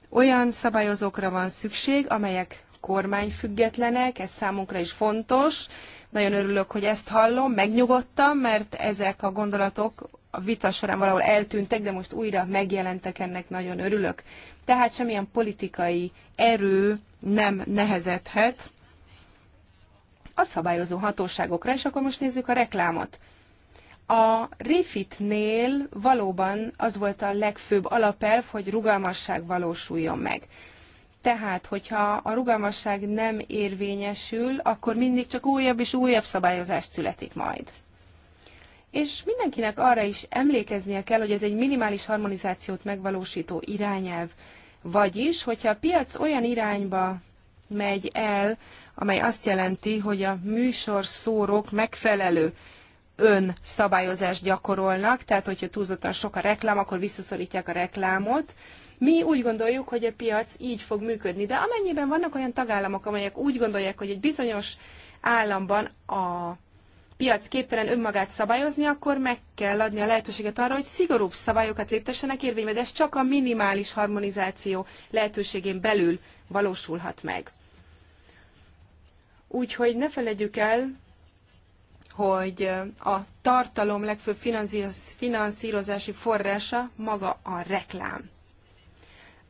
Olyan szabályozókra van szükség, amelyek kormányfüggetlenek, ez számunkra is fontos. Nagyon örülök, hogy ezt hallom, megnyugodtam, mert ezek a gondolatok a vita során valahol eltűntek, de most újra megjelentek, ennek nagyon örülök. Tehát semmilyen politikai erő nem nehezedhet a szabályozó hatóságokra, és akkor most nézzük a reklámot. A Refit-nél valóban az volt a legfőbb alapelv, hogy rugalmasság valósuljon meg. Tehát, hogyha a rugalmasság nem érvényesül, akkor mindig csak újabb és újabb szabályozást születik majd. És mindenkinek arra is emlékeznie kell, hogy ez egy minimális harmonizációt megvalósító irányelv. Vagyis, hogyha a piac olyan irányba megy el, amely azt jelenti, hogy a műsorszórók megfelelő ön gyakorolnak, tehát hogyha túlzottan sok a reklám, akkor visszaszorítják a reklámot. Mi úgy gondoljuk, hogy a piac így fog működni, de amennyiben vannak olyan tagállamok, amelyek úgy gondolják, hogy egy bizonyos államban a piac képtelen önmagát szabályozni, akkor meg kell adni a lehetőséget arra, hogy szigorúbb szabályokat léptessenek érvénybe, de ez csak a minimális harmonizáció lehetőségén belül valósulhat meg. Úgyhogy ne feledjük el, hogy a tartalom legfőbb finanszírozási forrása maga a reklám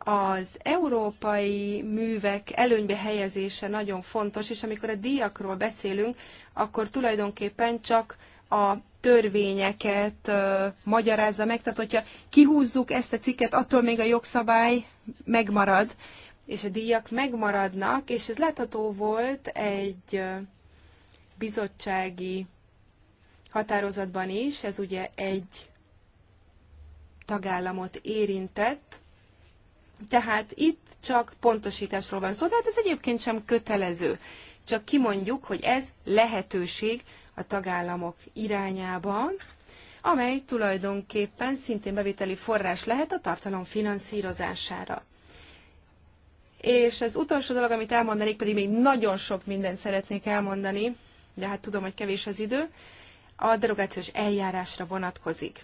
az európai művek előnybe helyezése nagyon fontos, és amikor a díjakról beszélünk, akkor tulajdonképpen csak a törvényeket ö, magyarázza meg. Tehát, hogyha kihúzzuk ezt a cikket, attól még a jogszabály megmarad, és a díjak megmaradnak, és ez látható volt egy bizottsági határozatban is, ez ugye egy tagállamot érintett, tehát itt csak pontosításról van szó, tehát ez egyébként sem kötelező. Csak kimondjuk, hogy ez lehetőség a tagállamok irányában, amely tulajdonképpen szintén bevételi forrás lehet a tartalom finanszírozására. És az utolsó dolog, amit elmondanék, pedig még nagyon sok mindent szeretnék elmondani, de hát tudom, hogy kevés az idő, a derogációs eljárásra vonatkozik.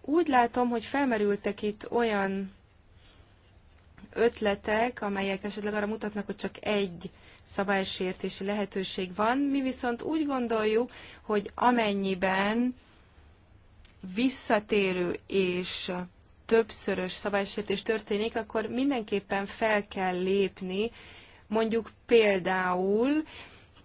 Úgy látom, hogy felmerültek itt olyan ötletek, amelyek esetleg arra mutatnak, hogy csak egy szabálysértési lehetőség van. Mi viszont úgy gondoljuk, hogy amennyiben visszatérő és többszörös szabálysértés történik, akkor mindenképpen fel kell lépni, mondjuk például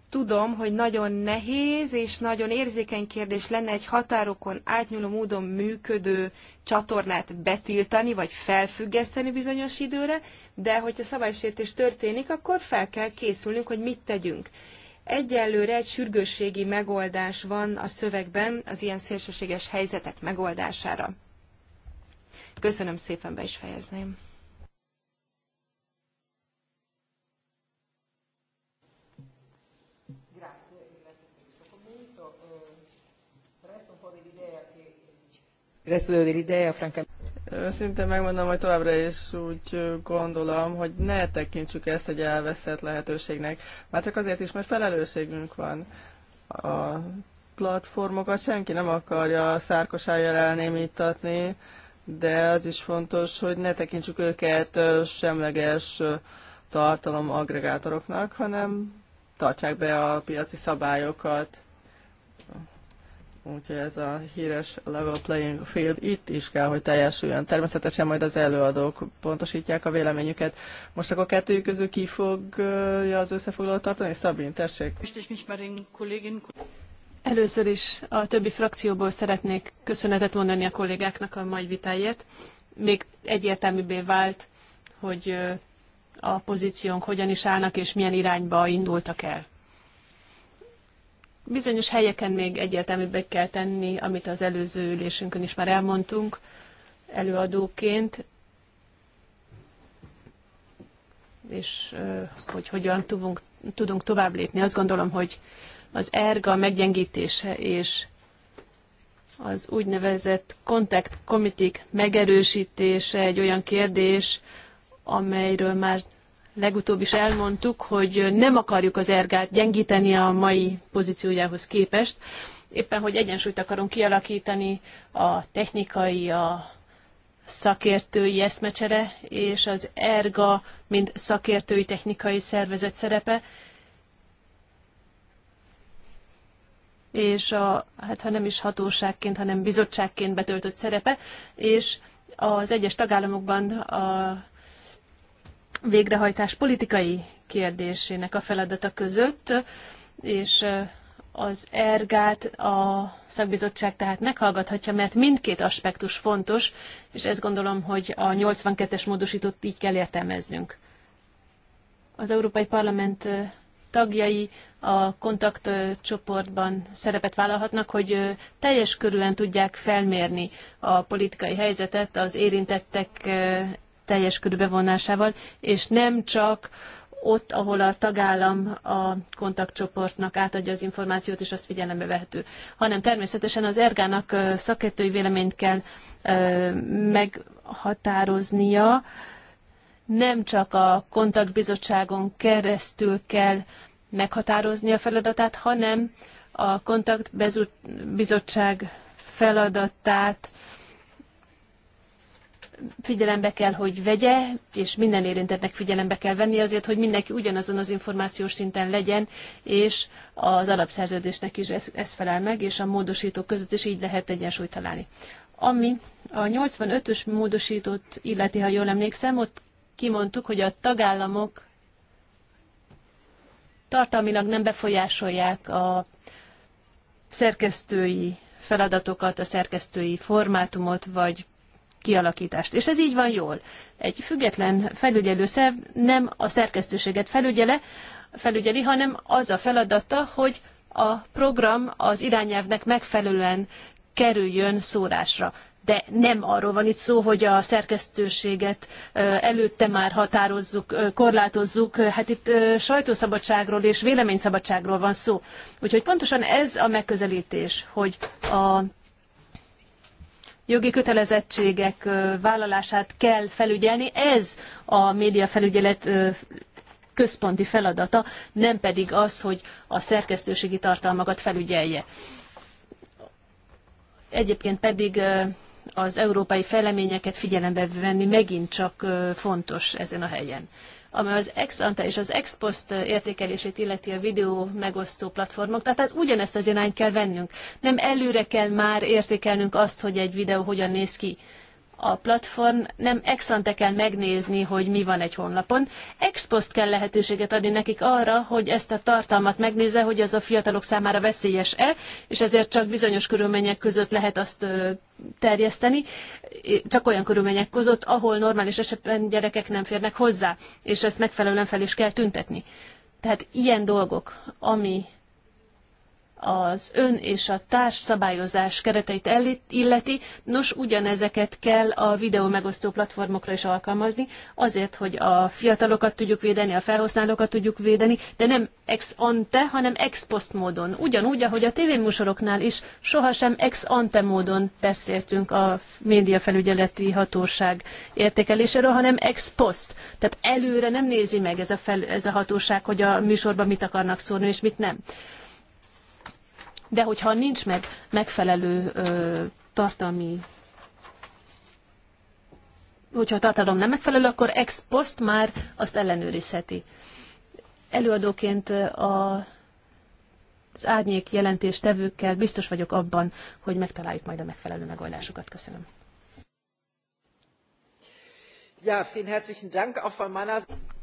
tudom, hogy nagyon nehéz és nagyon érzékeny kérdés lenne egy határokon átnyúló módon működő csatornát betiltani, vagy felfüggeszteni bizonyos időre, de hogyha szabálysértés történik, akkor fel kell készülnünk, hogy mit tegyünk. Egyelőre egy sürgősségi megoldás van a szövegben az ilyen szélsőséges helyzetek megoldására. Köszönöm szépen, be is fejezném. resto dell'idea, francamente. Szinte megmondom, hogy továbbra is úgy gondolom, hogy ne tekintsük ezt egy elveszett lehetőségnek. Már csak azért is, mert felelősségünk van. A platformokat senki nem akarja szárkosájára elnémítatni, de az is fontos, hogy ne tekintsük őket semleges tartalom aggregátoroknak, hanem tartsák be a piaci szabályokat. Úgyhogy ez a híres level playing field itt is kell, hogy teljesüljön. Természetesen majd az előadók pontosítják a véleményüket. Most akkor kettőjük közül ki fogja az összefoglalót tartani? Szabin, tessék. Először is a többi frakcióból szeretnék köszönetet mondani a kollégáknak a mai vitáért. Még egyértelműbbé vált, hogy a pozíciónk hogyan is állnak és milyen irányba indultak el. Bizonyos helyeken még egyértelműbbé kell tenni, amit az előző ülésünkön is már elmondtunk előadóként, és hogy hogyan tudunk, tudunk tovább lépni. Azt gondolom, hogy az erga meggyengítése és az úgynevezett contact committee megerősítése egy olyan kérdés, amelyről már legutóbb is elmondtuk, hogy nem akarjuk az ergát gyengíteni a mai pozíciójához képest, éppen hogy egyensúlyt akarunk kialakítani a technikai, a szakértői eszmecsere és az erga, mint szakértői technikai szervezet szerepe, és a, hát ha nem is hatóságként, hanem bizottságként betöltött szerepe, és az egyes tagállamokban a végrehajtás politikai kérdésének a feladata között, és az ergát a szakbizottság tehát meghallgathatja, mert mindkét aspektus fontos, és ezt gondolom, hogy a 82-es módosítót így kell értelmeznünk. Az Európai Parlament tagjai a kontaktcsoportban szerepet vállalhatnak, hogy teljes körülön tudják felmérni a politikai helyzetet, az érintettek teljes körű bevonásával, és nem csak ott, ahol a tagállam a kontaktcsoportnak átadja az információt, és azt figyelembe vehető. Hanem természetesen az ergának szakértői véleményt kell meghatároznia, nem csak a kontaktbizottságon keresztül kell meghatározni a feladatát, hanem a kontaktbizottság feladatát figyelembe kell, hogy vegye, és minden érintettnek figyelembe kell venni azért, hogy mindenki ugyanazon az információs szinten legyen, és az alapszerződésnek is ez, ez felel meg, és a módosítók között is így lehet egyensúlyt találni. Ami a 85-ös módosítót illeti, ha jól emlékszem, ott kimondtuk, hogy a tagállamok tartalmilag nem befolyásolják a szerkesztői feladatokat, a szerkesztői formátumot, vagy kialakítást. És ez így van jól. Egy független felügyelő szerv nem a szerkesztőséget felügyele, felügyeli, hanem az a feladata, hogy a program az irányelvnek megfelelően kerüljön szórásra. De nem arról van itt szó, hogy a szerkesztőséget előtte már határozzuk, korlátozzuk. Hát itt sajtószabadságról és véleményszabadságról van szó. Úgyhogy pontosan ez a megközelítés, hogy a jogi kötelezettségek vállalását kell felügyelni. Ez a médiafelügyelet központi feladata, nem pedig az, hogy a szerkesztőségi tartalmakat felügyelje. Egyébként pedig az európai fejleményeket figyelembe venni megint csak fontos ezen a helyen amely az ex ante és az ex post értékelését illeti a videó megosztó platformok. Tehát ugyanezt az irányt kell vennünk. Nem előre kell már értékelnünk azt, hogy egy videó hogyan néz ki a platform nem ex ante kell megnézni, hogy mi van egy honlapon. Ex post kell lehetőséget adni nekik arra, hogy ezt a tartalmat megnézze, hogy az a fiatalok számára veszélyes-e, és ezért csak bizonyos körülmények között lehet azt terjeszteni, csak olyan körülmények között, ahol normális esetben gyerekek nem férnek hozzá, és ezt megfelelően fel is kell tüntetni. Tehát ilyen dolgok, ami az ön és a társ szabályozás kereteit illeti, nos ugyanezeket kell a videó megosztó platformokra is alkalmazni, azért, hogy a fiatalokat tudjuk védeni, a felhasználókat tudjuk védeni, de nem ex ante, hanem ex post módon. Ugyanúgy, ahogy a tévéműsoroknál is sohasem ex ante módon beszéltünk a médiafelügyeleti hatóság értékeléséről, hanem ex post. Tehát előre nem nézi meg ez a, fel, ez a hatóság, hogy a műsorban mit akarnak szólni és mit nem de hogyha nincs meg megfelelő ö, tartalmi hogyha a tartalom nem megfelelő, akkor ex post már azt ellenőrizheti. Előadóként a, az árnyék tevőkkel biztos vagyok abban, hogy megtaláljuk majd a megfelelő megoldásokat. Köszönöm.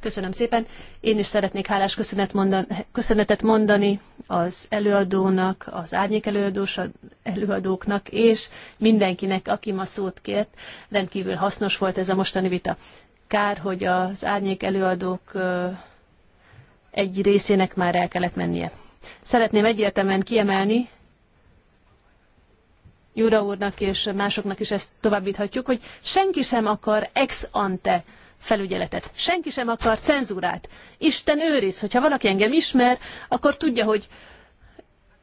Köszönöm szépen. Én is szeretnék hálás köszönet mondan, köszönetet mondani az előadónak, az árnyék előadós, előadóknak, és mindenkinek, aki ma szót kért. Rendkívül hasznos volt ez a mostani vita. Kár, hogy az árnyék előadók egy részének már el kellett mennie. Szeretném egyértelműen kiemelni, Jura úrnak és másoknak is ezt továbbíthatjuk, hogy senki sem akar ex ante felügyeletet. Senki sem akar cenzúrát. Isten őriz, hogyha valaki engem ismer, akkor tudja, hogy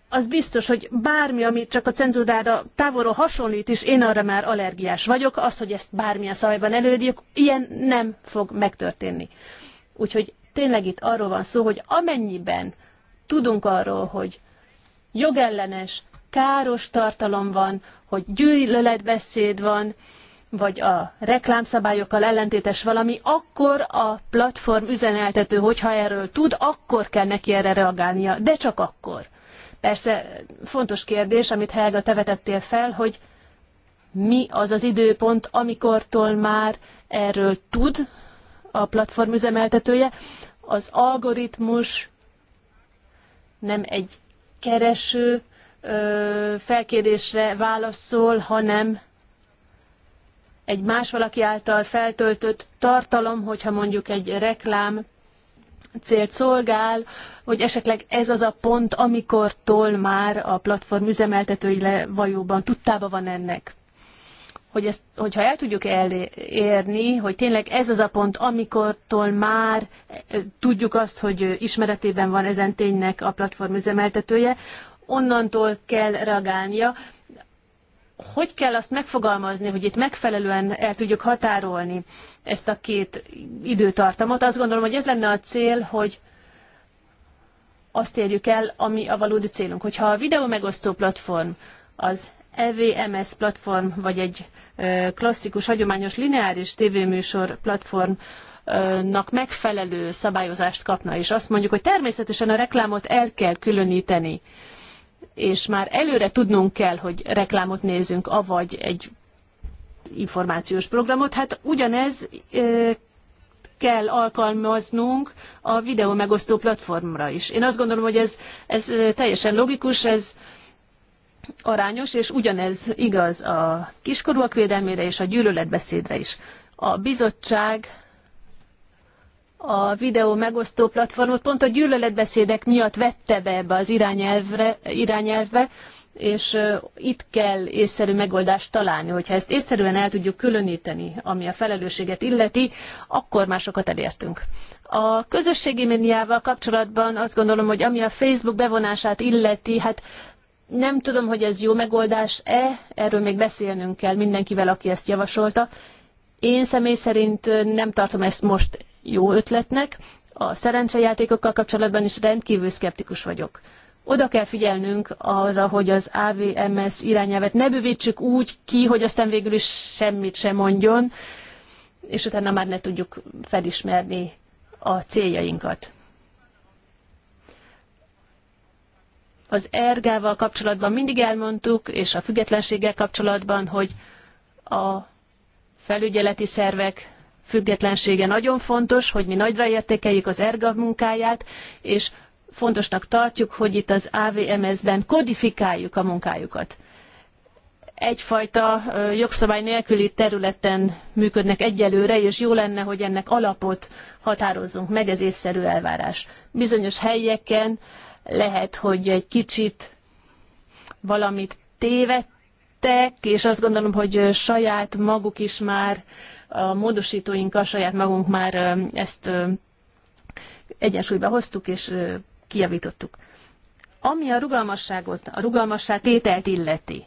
az biztos, hogy bármi, ami csak a cenzúrára távolról hasonlít, és én arra már allergiás vagyok, az, hogy ezt bármilyen szabályban elődjük, ilyen nem fog megtörténni. Úgyhogy tényleg itt arról van szó, hogy amennyiben tudunk arról, hogy jogellenes, káros tartalom van, hogy gyűlöletbeszéd van, vagy a reklámszabályokkal ellentétes valami, akkor a platform üzeneltető, hogyha erről tud, akkor kell neki erre reagálnia, de csak akkor. Persze fontos kérdés, amit Helga te vetettél fel, hogy mi az az időpont, amikortól már erről tud a platform üzemeltetője. Az algoritmus nem egy kereső, felkérésre válaszol, hanem egy más valaki által feltöltött tartalom, hogyha mondjuk egy reklám célt szolgál, hogy esetleg ez az a pont, amikortól már a platform üzemeltetői levajóban tudtába van ennek. Hogy ezt, hogyha el tudjuk elérni, hogy tényleg ez az a pont, amikortól már tudjuk azt, hogy ismeretében van ezen ténynek a platform üzemeltetője, onnantól kell reagálnia. Hogy kell azt megfogalmazni, hogy itt megfelelően el tudjuk határolni ezt a két időtartamot? Azt gondolom, hogy ez lenne a cél, hogy azt érjük el, ami a valódi célunk. Hogyha a videó megosztó platform az EVMS platform, vagy egy klasszikus, hagyományos, lineáris tévéműsor platformnak megfelelő szabályozást kapna, és azt mondjuk, hogy természetesen a reklámot el kell különíteni és már előre tudnunk kell, hogy reklámot nézünk, avagy egy információs programot, hát ugyanez kell alkalmaznunk a videó megosztó platformra is. Én azt gondolom, hogy ez, ez teljesen logikus, ez arányos, és ugyanez igaz a kiskorúak védelmére és a gyűlöletbeszédre is. A bizottság a videó megosztó platformot pont a gyűlöletbeszédek miatt vette be ebbe az irányelvre, irányelvbe, és itt kell észszerű megoldást találni. Hogyha ezt észszerűen el tudjuk különíteni, ami a felelősséget illeti, akkor másokat elértünk. A közösségi médiával kapcsolatban azt gondolom, hogy ami a Facebook bevonását illeti, hát nem tudom, hogy ez jó megoldás-e, erről még beszélnünk kell mindenkivel, aki ezt javasolta. Én személy szerint nem tartom ezt most jó ötletnek, a szerencsejátékokkal kapcsolatban is rendkívül szkeptikus vagyok. Oda kell figyelnünk arra, hogy az AVMS irányelvet ne bővítsük úgy ki, hogy aztán végül is semmit sem mondjon, és utána már ne tudjuk felismerni a céljainkat. Az ERGÁ-val kapcsolatban mindig elmondtuk, és a függetlenséggel kapcsolatban, hogy a felügyeleti szervek függetlensége nagyon fontos, hogy mi nagyra értékeljük az ERGA munkáját, és fontosnak tartjuk, hogy itt az AVMS-ben kodifikáljuk a munkájukat. Egyfajta jogszabály nélküli területen működnek egyelőre, és jó lenne, hogy ennek alapot határozzunk meg, ez észszerű elvárás. Bizonyos helyeken lehet, hogy egy kicsit valamit tévedt, tettek, és azt gondolom, hogy saját maguk is már, a módosítóinkkal saját magunk már ezt egyensúlyba hoztuk, és kijavítottuk. Ami a rugalmasságot, a rugalmassá tételt illeti,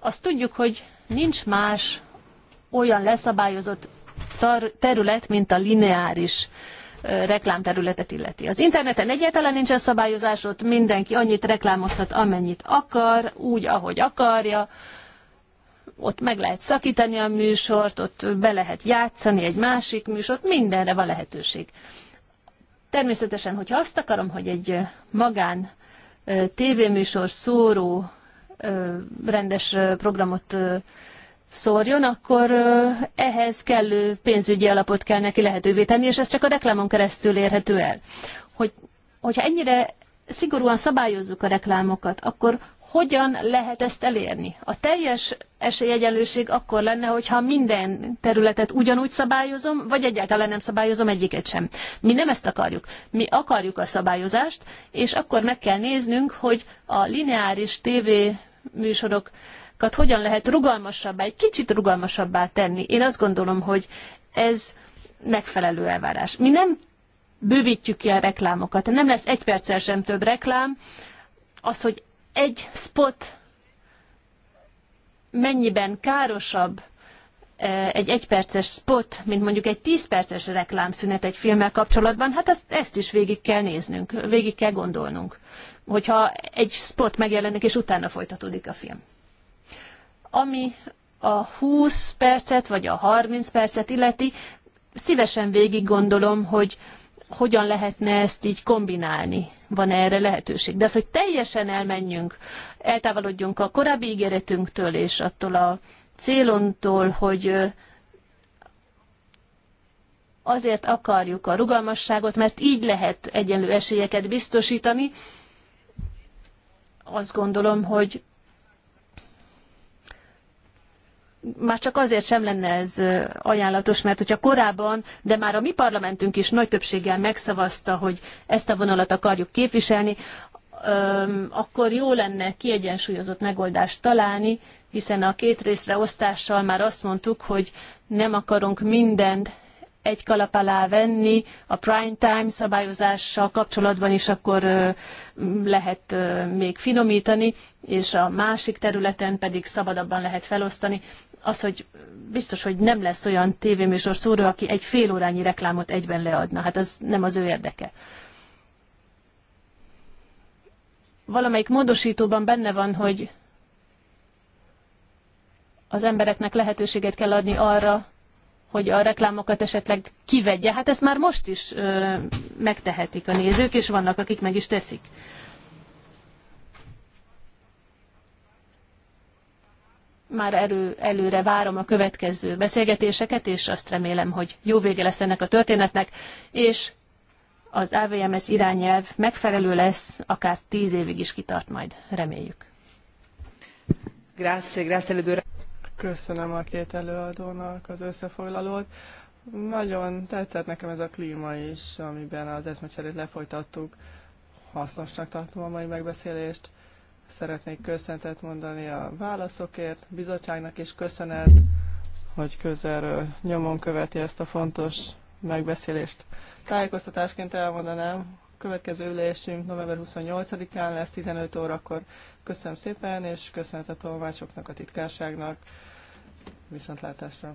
azt tudjuk, hogy nincs más olyan leszabályozott terület, mint a lineáris reklámterületet illeti. Az interneten egyáltalán nincsen szabályozás, ott mindenki annyit reklámozhat, amennyit akar, úgy, ahogy akarja. Ott meg lehet szakítani a műsort, ott be lehet játszani egy másik műsort, mindenre van lehetőség. Természetesen, hogyha azt akarom, hogy egy magán tévéműsor szóró rendes programot szórjon, akkor ehhez kellő pénzügyi alapot kell neki lehetővé tenni, és ez csak a reklámon keresztül érhető el. Hogy, hogyha ennyire szigorúan szabályozzuk a reklámokat, akkor hogyan lehet ezt elérni? A teljes esélyegyenlőség akkor lenne, hogyha minden területet ugyanúgy szabályozom, vagy egyáltalán nem szabályozom egyiket sem. Mi nem ezt akarjuk. Mi akarjuk a szabályozást, és akkor meg kell néznünk, hogy a lineáris tévéműsorok műsorok hogyan lehet rugalmasabbá, egy kicsit rugalmasabbá tenni. Én azt gondolom, hogy ez megfelelő elvárás. Mi nem bővítjük ki a reklámokat. Nem lesz egy perccel sem több reklám. Az, hogy egy spot mennyiben károsabb e, egy egyperces spot, mint mondjuk egy tízperces reklámszünet egy filmmel kapcsolatban, hát ezt, ezt is végig kell néznünk, végig kell gondolnunk, hogyha egy spot megjelenik, és utána folytatódik a film. Ami a 20 percet vagy a 30 percet illeti, szívesen végig gondolom, hogy hogyan lehetne ezt így kombinálni. Van -e erre lehetőség? De az, hogy teljesen elmenjünk, eltávolodjunk a korábbi ígéretünktől és attól a célontól, hogy azért akarjuk a rugalmasságot, mert így lehet egyenlő esélyeket biztosítani. Azt gondolom, hogy már csak azért sem lenne ez ajánlatos, mert hogyha korábban, de már a mi parlamentünk is nagy többséggel megszavazta, hogy ezt a vonalat akarjuk képviselni, akkor jó lenne kiegyensúlyozott megoldást találni, hiszen a két részre osztással már azt mondtuk, hogy nem akarunk mindent egy kalap alá venni, a prime time szabályozással kapcsolatban is akkor lehet még finomítani, és a másik területen pedig szabadabban lehet felosztani az, hogy biztos, hogy nem lesz olyan tévéműsor szóró, aki egy fél órányi reklámot egyben leadna. Hát ez nem az ő érdeke. Valamelyik módosítóban benne van, hogy az embereknek lehetőséget kell adni arra, hogy a reklámokat esetleg kivegye. Hát ezt már most is ö, megtehetik a nézők, és vannak, akik meg is teszik. már elő, előre várom a következő beszélgetéseket, és azt remélem, hogy jó vége lesz ennek a történetnek, és az AVMS irányelv megfelelő lesz, akár tíz évig is kitart majd, reméljük. Grazie, grazie Lidőre. Köszönöm a két előadónak az összefoglalót. Nagyon tetszett nekem ez a klíma is, amiben az eszmecserét lefolytattuk. Hasznosnak tartom a mai megbeszélést Szeretnék köszöntet mondani a válaszokért, bizottságnak is köszönet, hogy közelről nyomon követi ezt a fontos megbeszélést. Tájékoztatásként elmondanám, következő ülésünk november 28-án lesz 15 órakor. Köszönöm szépen, és köszönet a tolmácsoknak, a titkárságnak. Viszontlátásra!